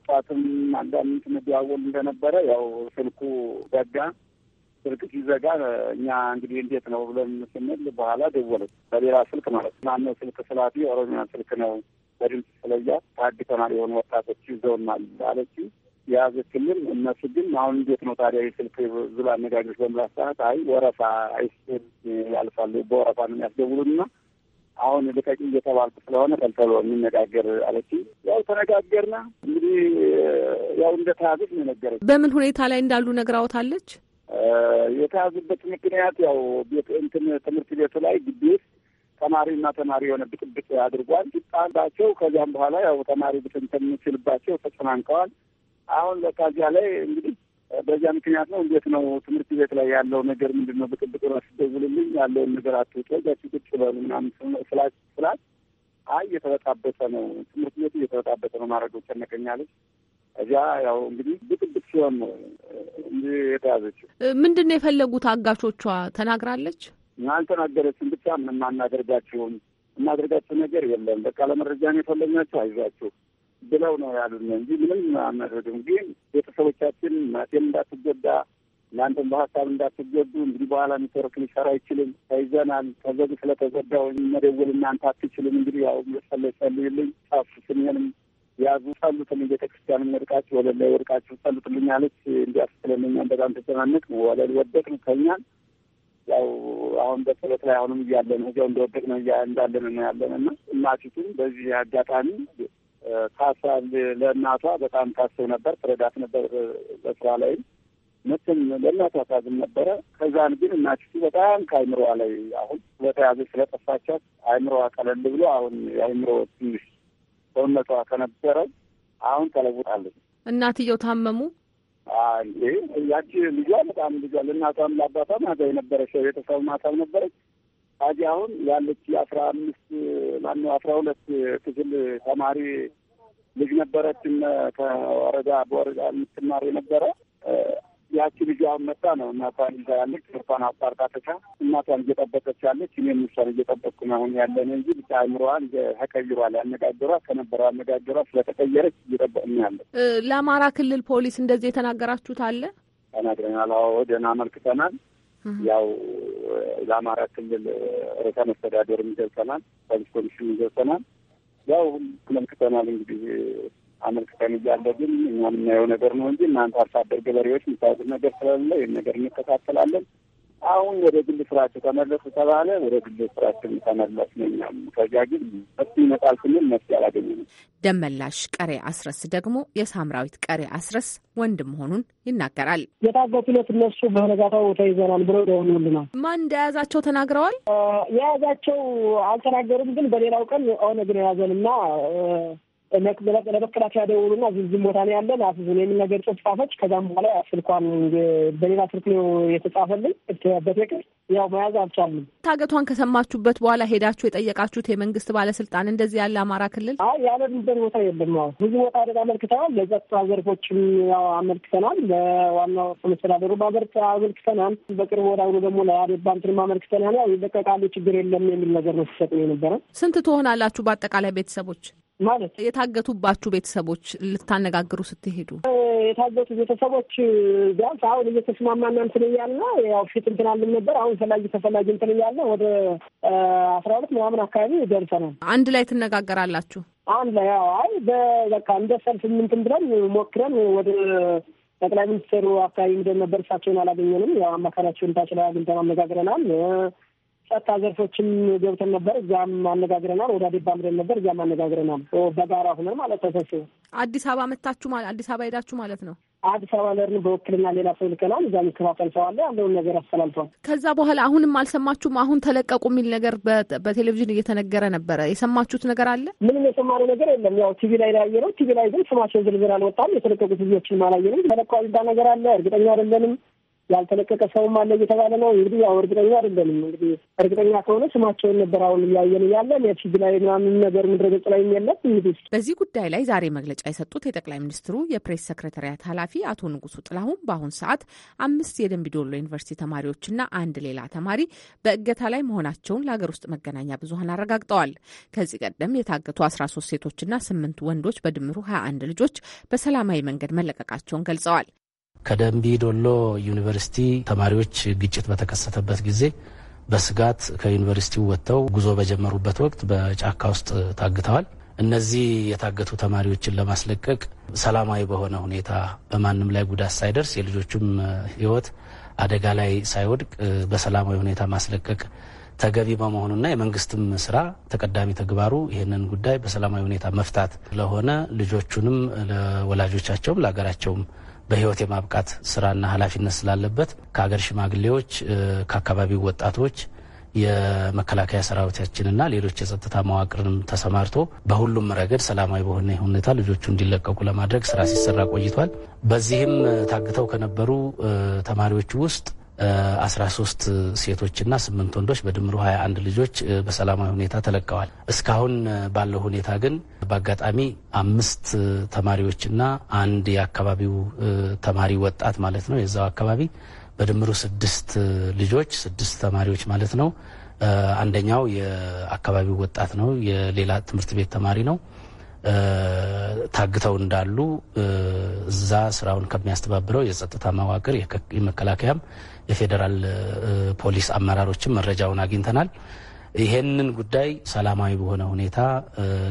ጠዋትም አንዳንድ የሚደዋወል እንደነበረ ያው ስልኩ ዘጋ። ስልክ ሲዘጋ እኛ እንግዲህ እንዴት ነው ብለን ስንል በኋላ ደወለች በሌላ ስልክ ማለት ነው። ማነው ስልክ ስላፊ ኦሮሚያ ስልክ ነው በድምፅ ስለያ ታድ ተማሪ የሆኑ ወጣቶች ይዘውናል አለችው። የያዘ ክልል እነሱ ግን አሁን እንዴት ነው ታዲያ የስልክ ዝብ አነጋጆች በምላት ሰዓት አይ ወረፋ አይስል ያልፋሉ በወረፋ ነው የሚያስደውሉና አሁን ልቀቂ እየተባልኩ ስለሆነ ተልተሎ የሚነጋገር አለች። ያው ተነጋገርና እንግዲህ ያው እንደ ተያዙት ነው የነገረች። በምን ሁኔታ ላይ እንዳሉ ነግራውታለች። የተያዙበት ምክንያት ያው እንትን ትምህርት ቤቱ ላይ ግቢ ውስጥ ተማሪና ተማሪ የሆነ ብጥብጥ አድርጓል። ሲጣላቸው ከዚያም በኋላ ያው ተማሪ ብትንትን ሲልባቸው ተጨናንቀዋል። አሁን ለካ ላይ እንግዲህ በዚያ ምክንያት ነው። እንዴት ነው ትምህርት ቤት ላይ ያለው ነገር ምንድን ነው? ብቅብቅ ራስ ደውልልኝ ያለውን ነገር አትውጦ ዛች ቁጭ በሉ ምናምን ስላት ስላት አይ እየተበጣበጠ ነው ትምህርት ቤቱ እየተበጣበጠ ነው ማድረገው ጨነቀኛለች። እዚያ ያው እንግዲህ ብቅብቅ ሲሆን ነው እንጂ የተያዘችው። ምንድን ነው የፈለጉት አጋቾቿ ተናግራለች? አልተናገረችም። ብቻ ምን አናደርጋችሁም የማደርጋቸው ነገር የለም በቃ ለመረጃ ነው የፈለግናቸው። አይዟችሁ ብለው ነው ያሉን እንጂ ምንም አናደርግም። ግን ቤተሰቦቻችን እናቴም እንዳትጎዳ እናንተም በሀሳብ እንዳትጎዱ እንግዲህ በኋላ ኔትወርክ ሊሰራ አይችልም፣ ተይዘናል። ከዘግ ስለተጎዳው መደወል እናንተ አትችልም። እንግዲህ ያው መጸለይ ጸልዩልኝ፣ ጻፉ፣ ስሜንም ያዙ፣ ጸሉትን ቤተክርስቲያን ክርስቲያን ወድቃችሁ ወለል ላይ ወድቃችሁ ጸሉትልኝ አለች። እንዲያስለምኛን በጣም ተጨናነቅ ነው። ወለል ወደቅን ተኛን። ያው አሁን በጸሎት ላይ አሁንም እያለን እዚያው እንደወደቅ ነው እንዳለን ነው ያለን እና እናቲቱም በዚህ አጋጣሚ ካሳ ለእናቷ በጣም ታስብ ነበር፣ ትረዳት ነበር። በስራ ላይ ምትም ለእናቷ ታዝም ነበረ። ከዛን ግን እናችቱ በጣም ከአይምሮዋ ላይ አሁን ስለተያዘ ስለጠፋቻት አይምሮዋ ቀለል ብሎ አሁን የአይምሮ ትንሽ ሰውነቷ ከነበረው አሁን ተለውጣለች። እናትየው ታመሙ። ይህ ያቺ ልጇ በጣም ልጇ ለእናቷም ለአባቷም አዛኝ ነበረች፣ የቤተሰብ ማሳብ ነበረች። ታዲያ አሁን ያለች የአስራ አምስት ማነው አስራ ሁለት ክፍል ተማሪ ልጅ ነበረች ከወረዳ በወረዳ የምትማር የነበረ ያቺ ልጅ አሁን መጣ ነው። እናቷን ይዛ ያለች እርሷን አስታርቃተቻ እናቷን እየጠበቀች ያለች እኔ ምሷን እየጠበቅኩ ነው አሁን ያለን እንጂ ብቻ አይምሮዋን ተቀይሯል። ያነጋገሯ ከነበረው አነጋገሯ ስለተቀየረች እየጠበቅን ያለ። ለአማራ ክልል ፖሊስ እንደዚህ የተናገራችሁት አለ? ተናግረናል። አዎ ወደን አመልክተናል። ያው ለአማራ ክልል ርዕሰ መስተዳደርም ገብተናል፣ ሳይንስ ኮሚሽን ገብተናል። ያው አመልክተናል እንግዲህ አመልክተን እያለ ግን እኛ የምናየው ነገር ነው እንጂ እናንተ አርሶ አደር ገበሬዎች የምታዩት ነገር ስለሌለ ይህን ነገር እንከታተላለን። አሁን ወደ ግል ስራቸው ተመለሱ ተባለ። ወደ ግል ስራችን ተመለስ ነኛም ከዚያ ግን መፍትሄ ይመጣል ስንል መፍትሄ አላገኘንም። ደመላሽ ቀሬ አስረስ ደግሞ የሳምራዊት ቀሬ አስረስ ወንድ መሆኑን ይናገራል። የታገቱ ዕለት እነሱ በነጋታው ተይዘናል ብለው ደውለውልናል። ማን እንደያዛቸው ተናግረዋል። የያዛቸው አልተናገሩም፣ ግን በሌላው ቀን ኦነግን የያዘን እና ለመከላከያ ደውሉና ዝም ቦታ ነው ያለን አስዙን የሚል ነገር ጽሑፍ ጻፈች። ከዛም በኋላ ስልኳን በሌላ ስልክ ነው የተጻፈልን። በቴክር ያው መያዝ አልቻልንም። ታገቷን ከሰማችሁበት በኋላ ሄዳችሁ የጠየቃችሁት የመንግስት ባለስልጣን እንደዚህ ያለ አማራ ክልል ያለንበት ቦታ የለም። ብዙ ቦታ ደግ አመልክተናል። ለጸጥታ ዘርፎችም ያው አመልክተናል። ለዋናው መስተዳደሩ ባገር አመልክተናል። በቅርብ ወደ አሁኑ ደግሞ ለአዴት ባንክንም አመልክተናል። ያው ይለቀቃሉ ችግር የለም የሚል ነገር ነው ሲሰጥ የነበረ። ስንት ትሆናላችሁ በአጠቃላይ ቤተሰቦች? ማለት የታገቱባችሁ ቤተሰቦች ልታነጋግሩ ስትሄዱ የታገቱ ቤተሰቦች ቢያንስ አሁን እየተስማማና እንትን እያልን ያው ፊት እንትን አልም ነበር። አሁን ፈላጊ ተፈላጊ እንትን እያልን ወደ አስራ ሁለት ምናምን አካባቢ ደርሰናል። አንድ ላይ ትነጋገራላችሁ? አንድ ላይ ያው አይ በቃ እንደ ሰልፍ ምንትን ብለን ሞክረን ወደ ጠቅላይ ሚኒስትሩ አካባቢ ምደን ነበር። እሳቸውን አላገኘንም። ያው አማካሪያቸውን ታችላ አግኝተን አነጋግረናል። ጸጥታ ዘርፎችም ገብተን ነበር። እዚያም አነጋግረናል። ወደ አዴባ ምደን ነበር። እዚያም አነጋግረናል። በጋራ ሁነን ማለት ተሰብስበን አዲስ አበባ መታችሁ ማለት አዲስ አበባ ሄዳችሁ ማለት ነው። አዲስ አበባ ለርን በወክልና ሌላ ሰው ልከናል። እዛ የሚከፋፈል ሰው አለ። ያለውን ነገር አስተላልፏል። ከዛ በኋላ አሁንም አልሰማችሁም? አሁን ተለቀቁ የሚል ነገር በቴሌቪዥን እየተነገረ ነበረ። የሰማችሁት ነገር አለ? ምንም የሰማነው ነገር የለም። ያው ቲቪ ላይ ላያየ ነው። ቲቪ ላይ ግን ስማቸው ዝርዝር አልወጣም። የተለቀቁት ልጆችን አላየንም። ተለቀዋል የሚባል ነገር አለ። እርግጠኛ አይደለንም። ያልተለቀቀ ሰውም አለ እየተባለ ነው። እንግዲህ ያው እርግጠኛ አይደለንም። እንግዲህ እርግጠኛ ከሆነ ስማቸውን ነበር አሁን እያየን እያለ ፊድ ላይ ምናምን ነገር ምድረገጽ ላይ የለም። እንግዲህ በዚህ ጉዳይ ላይ ዛሬ መግለጫ የሰጡት የጠቅላይ ሚኒስትሩ የፕሬስ ሰክሬታሪያት ኃላፊ አቶ ንጉሱ ጥላሁን በአሁን ሰዓት አምስት የደንቢዶሎ ዩኒቨርሲቲ ተማሪዎችና አንድ ሌላ ተማሪ በእገታ ላይ መሆናቸውን ለሀገር ውስጥ መገናኛ ብዙሀን አረጋግጠዋል። ከዚህ ቀደም የታገቱ አስራ ሶስት ሴቶችና ስምንት ወንዶች በድምሩ ሀያ አንድ ልጆች በሰላማዊ መንገድ መለቀቃቸውን ገልጸዋል። ከደንቢ ዶሎ ዩኒቨርሲቲ ተማሪዎች ግጭት በተከሰተበት ጊዜ በስጋት ከዩኒቨርሲቲው ወጥተው ጉዞ በጀመሩበት ወቅት በጫካ ውስጥ ታግተዋል። እነዚህ የታገቱ ተማሪዎችን ለማስለቀቅ ሰላማዊ በሆነ ሁኔታ በማንም ላይ ጉዳት ሳይደርስ የልጆቹም ሕይወት አደጋ ላይ ሳይወድቅ በሰላማዊ ሁኔታ ማስለቀቅ ተገቢ በመሆኑና የመንግስትም ስራ ተቀዳሚ ተግባሩ ይህንን ጉዳይ በሰላማዊ ሁኔታ መፍታት ለሆነ ልጆቹንም ለወላጆቻቸውም ለሀገራቸውም በህይወት የማብቃት ስራና ኃላፊነት ስላለበት ከሀገር ሽማግሌዎች፣ ከአካባቢው ወጣቶች የመከላከያ ሰራዊታችንና ሌሎች የጸጥታ መዋቅርንም ተሰማርቶ በሁሉም ረገድ ሰላማዊ በሆነ ሁኔታ ልጆቹ እንዲለቀቁ ለማድረግ ስራ ሲሰራ ቆይቷል። በዚህም ታግተው ከነበሩ ተማሪዎች ውስጥ 13 ሴቶችና ስምንት ወንዶች በድምሩ 21 ልጆች በሰላማዊ ሁኔታ ተለቀዋል። እስካሁን ባለው ሁኔታ ግን በአጋጣሚ አምስት ተማሪዎችና አንድ የአካባቢው ተማሪ ወጣት ማለት ነው የዛው አካባቢ በድምሩ ስድስት ልጆች ስድስት ተማሪዎች ማለት ነው። አንደኛው የአካባቢው ወጣት ነው፣ የሌላ ትምህርት ቤት ተማሪ ነው። ታግተው እንዳሉ እዛ ስራውን ከሚያስተባብረው የጸጥታ መዋቅር የመከላከያም የፌዴራል ፖሊስ አመራሮችም መረጃውን አግኝተናል። ይሄንን ጉዳይ ሰላማዊ በሆነ ሁኔታ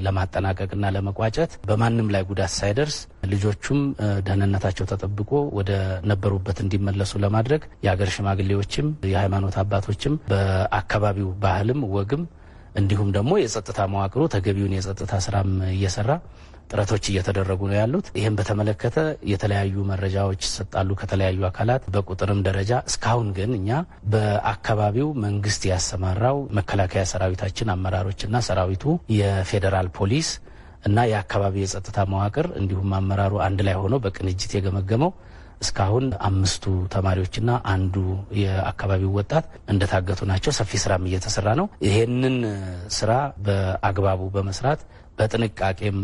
ለማጠናቀቅና ለመቋጨት በማንም ላይ ጉዳት ሳይደርስ ልጆቹም ደህንነታቸው ተጠብቆ ወደ ነበሩበት እንዲመለሱ ለማድረግ የሀገር ሽማግሌዎችም የሃይማኖት አባቶችም በአካባቢው ባህልም ወግም እንዲሁም ደግሞ የጸጥታ መዋቅሩ ተገቢውን የጸጥታ ስራም እየሰራ ጥረቶች እየተደረጉ ነው ያሉት። ይህም በተመለከተ የተለያዩ መረጃዎች ይሰጣሉ ከተለያዩ አካላት በቁጥርም ደረጃ። እስካሁን ግን እኛ በአካባቢው መንግስት ያሰማራው መከላከያ ሰራዊታችን አመራሮችና ሰራዊቱ፣ የፌዴራል ፖሊስ እና የአካባቢ የጸጥታ መዋቅር እንዲሁም አመራሩ አንድ ላይ ሆኖ በቅንጅት የገመገመው እስካሁን አምስቱ ተማሪዎችና አንዱ የአካባቢው ወጣት እንደታገቱ ናቸው። ሰፊ ስራም እየተሰራ ነው። ይሄንን ስራ በአግባቡ በመስራት በጥንቃቄም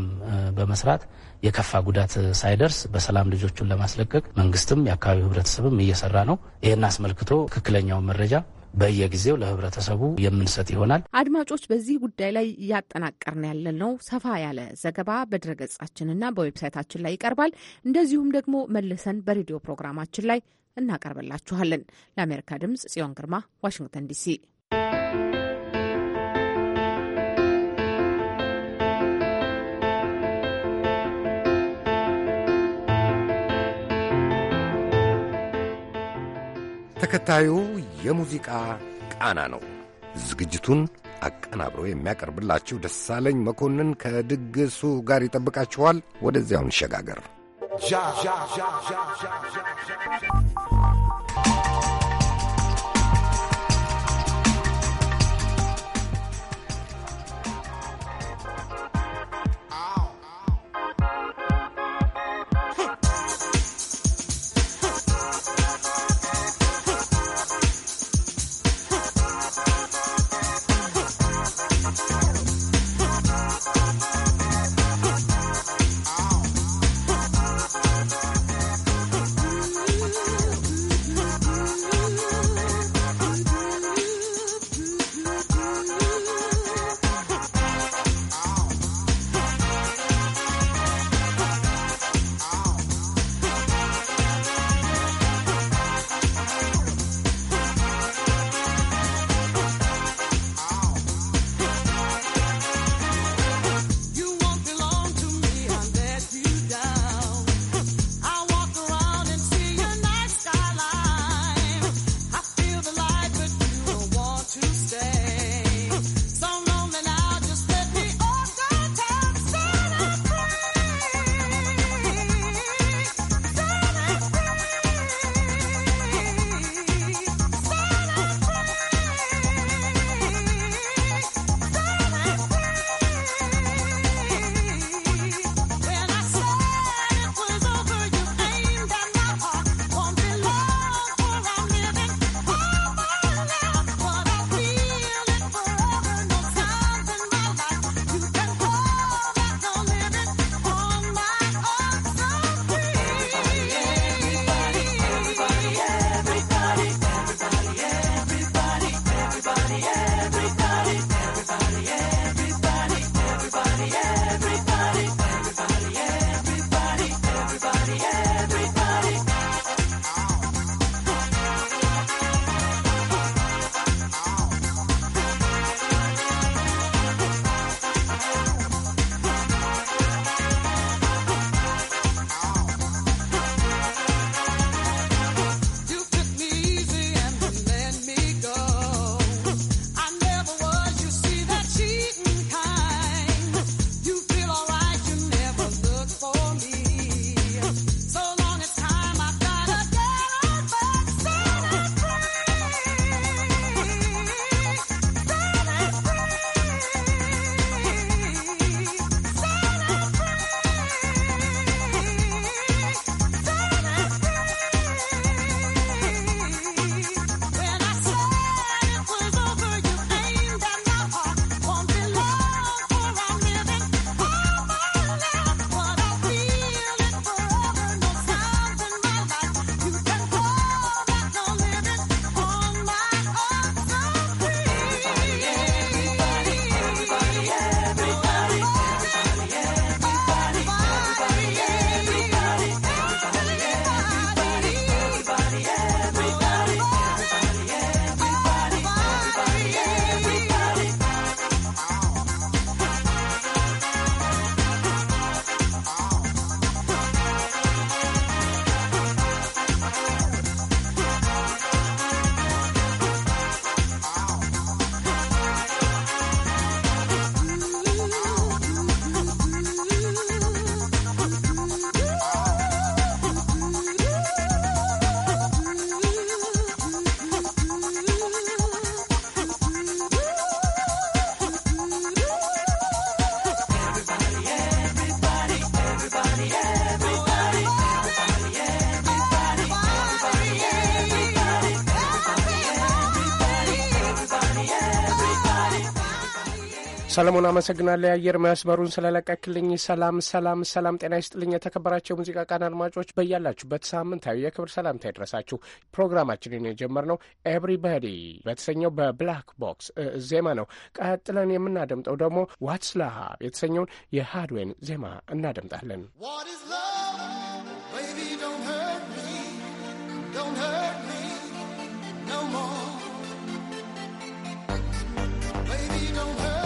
በመስራት የከፋ ጉዳት ሳይደርስ በሰላም ልጆቹን ለማስለቀቅ መንግስትም የአካባቢው ህብረተሰብም እየሰራ ነው። ይህን አስመልክቶ ትክክለኛውን መረጃ በየጊዜው ለህብረተሰቡ የምንሰጥ ይሆናል። አድማጮች፣ በዚህ ጉዳይ ላይ እያጠናቀርን ነው። ሰፋ ያለ ዘገባ በድረገጻችንና በዌብሳይታችን ላይ ይቀርባል። እንደዚሁም ደግሞ መልሰን በሬዲዮ ፕሮግራማችን ላይ እናቀርብላችኋለን። ለአሜሪካ ድምጽ ጽዮን ግርማ ዋሽንግተን ዲሲ ተከታዩ የሙዚቃ ቃና ነው። ዝግጅቱን አቀናብሮ የሚያቀርብላችሁ ደሳለኝ መኮንን ከድግሱ ጋር ይጠብቃችኋል። ወደዚያው እንሸጋገር። ሰለሞን አመሰግናለሁ። የአየር መስመሩን ስለለቀክልኝ። ሰላም ሰላም ሰላም፣ ጤና ይስጥልኝ። የተከበራቸው የሙዚቃ ቃን አድማጮች በያላችሁበት ሳምንታዊ የክብር ሰላምታ ይድረሳችሁ። ፕሮግራማችንን የጀመርነው ኤቭሪባዲ በተሰኘው በብላክ ቦክስ ዜማ ነው። ቀጥለን የምናደምጠው ደግሞ ዋትስ ላቭ የተሰኘውን የሃድዌን ዜማ እናደምጣለን። Baby, don't hurt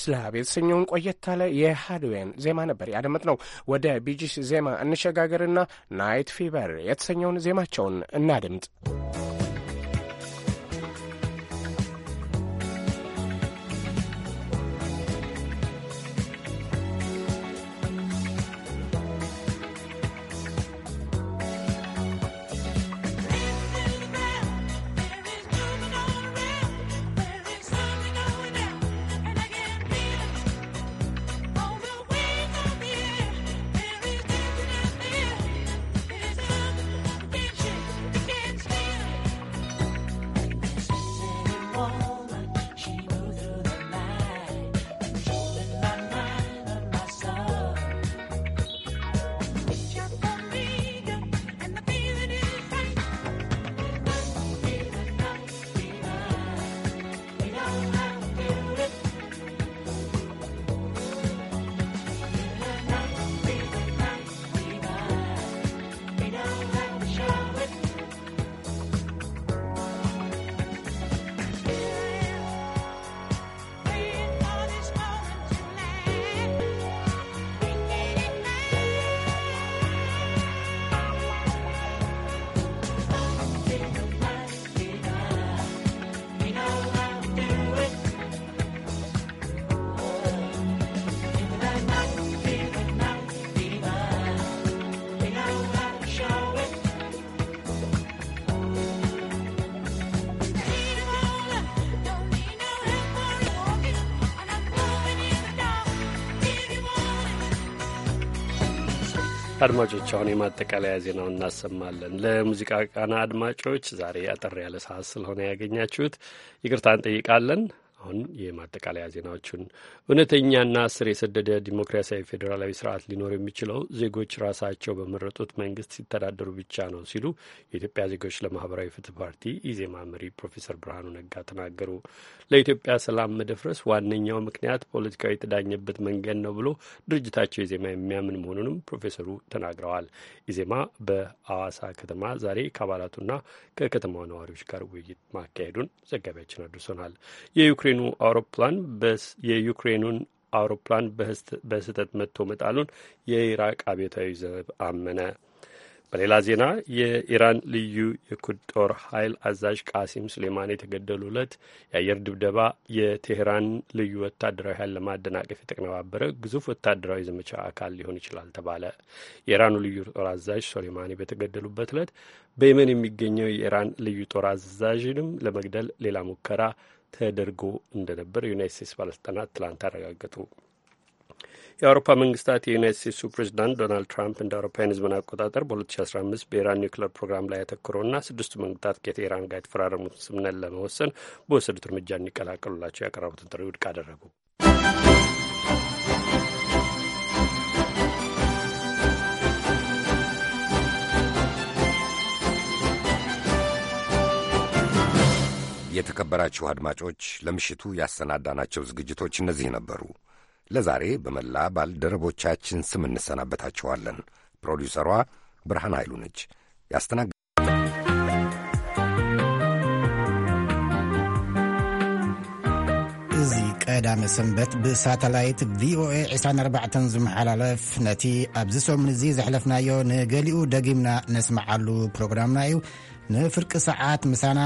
ዊትስ ላብ የተሰኘውን ቆየት ያለ የሃድዌን ዜማ ነበር ያደመጥነው። ወደ ቢጂስ ዜማ እንሸጋገርና ናይት ፊቨር የተሰኘውን ዜማቸውን እናድምጥ። አድማጮች አሁን የማጠቃለያ ዜናው እናሰማለን። ለሙዚቃ ቃና አድማጮች ዛሬ አጠር ያለ ሰዓት ስለሆነ ያገኛችሁት ይቅርታ እንጠይቃለን። አሁን የማጠቃለያ ዜናዎቹን እውነተኛና ስር የሰደደ ዲሞክራሲያዊ ፌዴራላዊ ስርዓት ሊኖር የሚችለው ዜጎች ራሳቸው በመረጡት መንግስት ሲተዳደሩ ብቻ ነው ሲሉ የኢትዮጵያ ዜጎች ለማህበራዊ ፍትህ ፓርቲ ኢዜማ መሪ ፕሮፌሰር ብርሃኑ ነጋ ተናገሩ። ለኢትዮጵያ ሰላም መደፍረስ ዋነኛው ምክንያት ፖለቲካዊ የተዳኘበት መንገድ ነው ብሎ ድርጅታቸው ኢዜማ የሚያምን መሆኑንም ፕሮፌሰሩ ተናግረዋል። ኢዜማ በአዋሳ ከተማ ዛሬ ከአባላቱና ከከተማው ነዋሪዎች ጋር ውይይት ማካሄዱን ዘጋቢያችን አድርሶናል። የዩክሬኑ የዩክሬኑ አውሮፕላን የዩክሬኑን አውሮፕላን በስህተት መጥቶ መጣሉን የኢራቅ አብዮታዊ ዘብ አመነ። በሌላ ዜና የኢራን ልዩ የኩድ ጦር ኃይል አዛዥ ቃሲም ሱሌማን የተገደሉ ዕለት የአየር ድብደባ የቴሄራን ልዩ ወታደራዊ ኃይል ለማደናቀፍ የተቀነባበረ ግዙፍ ወታደራዊ ዘመቻ አካል ሊሆን ይችላል ተባለ። የኢራኑ ልዩ ጦር አዛዥ ሱሌማኒ በተገደሉበት ዕለት በየመን የሚገኘው የኢራን ልዩ ጦር አዛዥንም ለመግደል ሌላ ሙከራ ተደርጎ እንደነበር ዩናይት ስቴትስ ባለስልጣናት ትላንት አረጋገጡ። የአውሮፓ መንግስታት የዩናይት ስቴትሱ ፕሬዚዳንት ዶናልድ ትራምፕ እንደ አውሮፓውያን ህዝብን አቆጣጠር በ2015 በኢራን ኒውክሌር ፕሮግራም ላይ ያተኮረውና ስድስቱ መንግስታት ከቴህራን ጋር የተፈራረሙትን ስምነት ለመወሰን በወሰዱት እርምጃ እንዲቀላቀሉላቸው ያቀረቡትን ጥሪ ውድቅ አደረጉ። የተከበራችሁ አድማጮች ለምሽቱ ያሰናዳናቸው ዝግጅቶች እነዚህ ነበሩ። ለዛሬ በመላ ባልደረቦቻችን ስም እንሰናበታችኋለን። ፕሮዲውሰሯ ብርሃን ኃይሉ ነች። ያስተናግ እዚ ቀዳመ ሰንበት ብሳተላይት ቪኦኤ 24 ዝመሓላለፍ ነቲ ኣብዚ ሰሙን እዚ ዘሕለፍናዮ ንገሊኡ ደጊምና ነስመዓሉ ፕሮግራምና እዩ ንፍርቂ ሰዓት ምሳና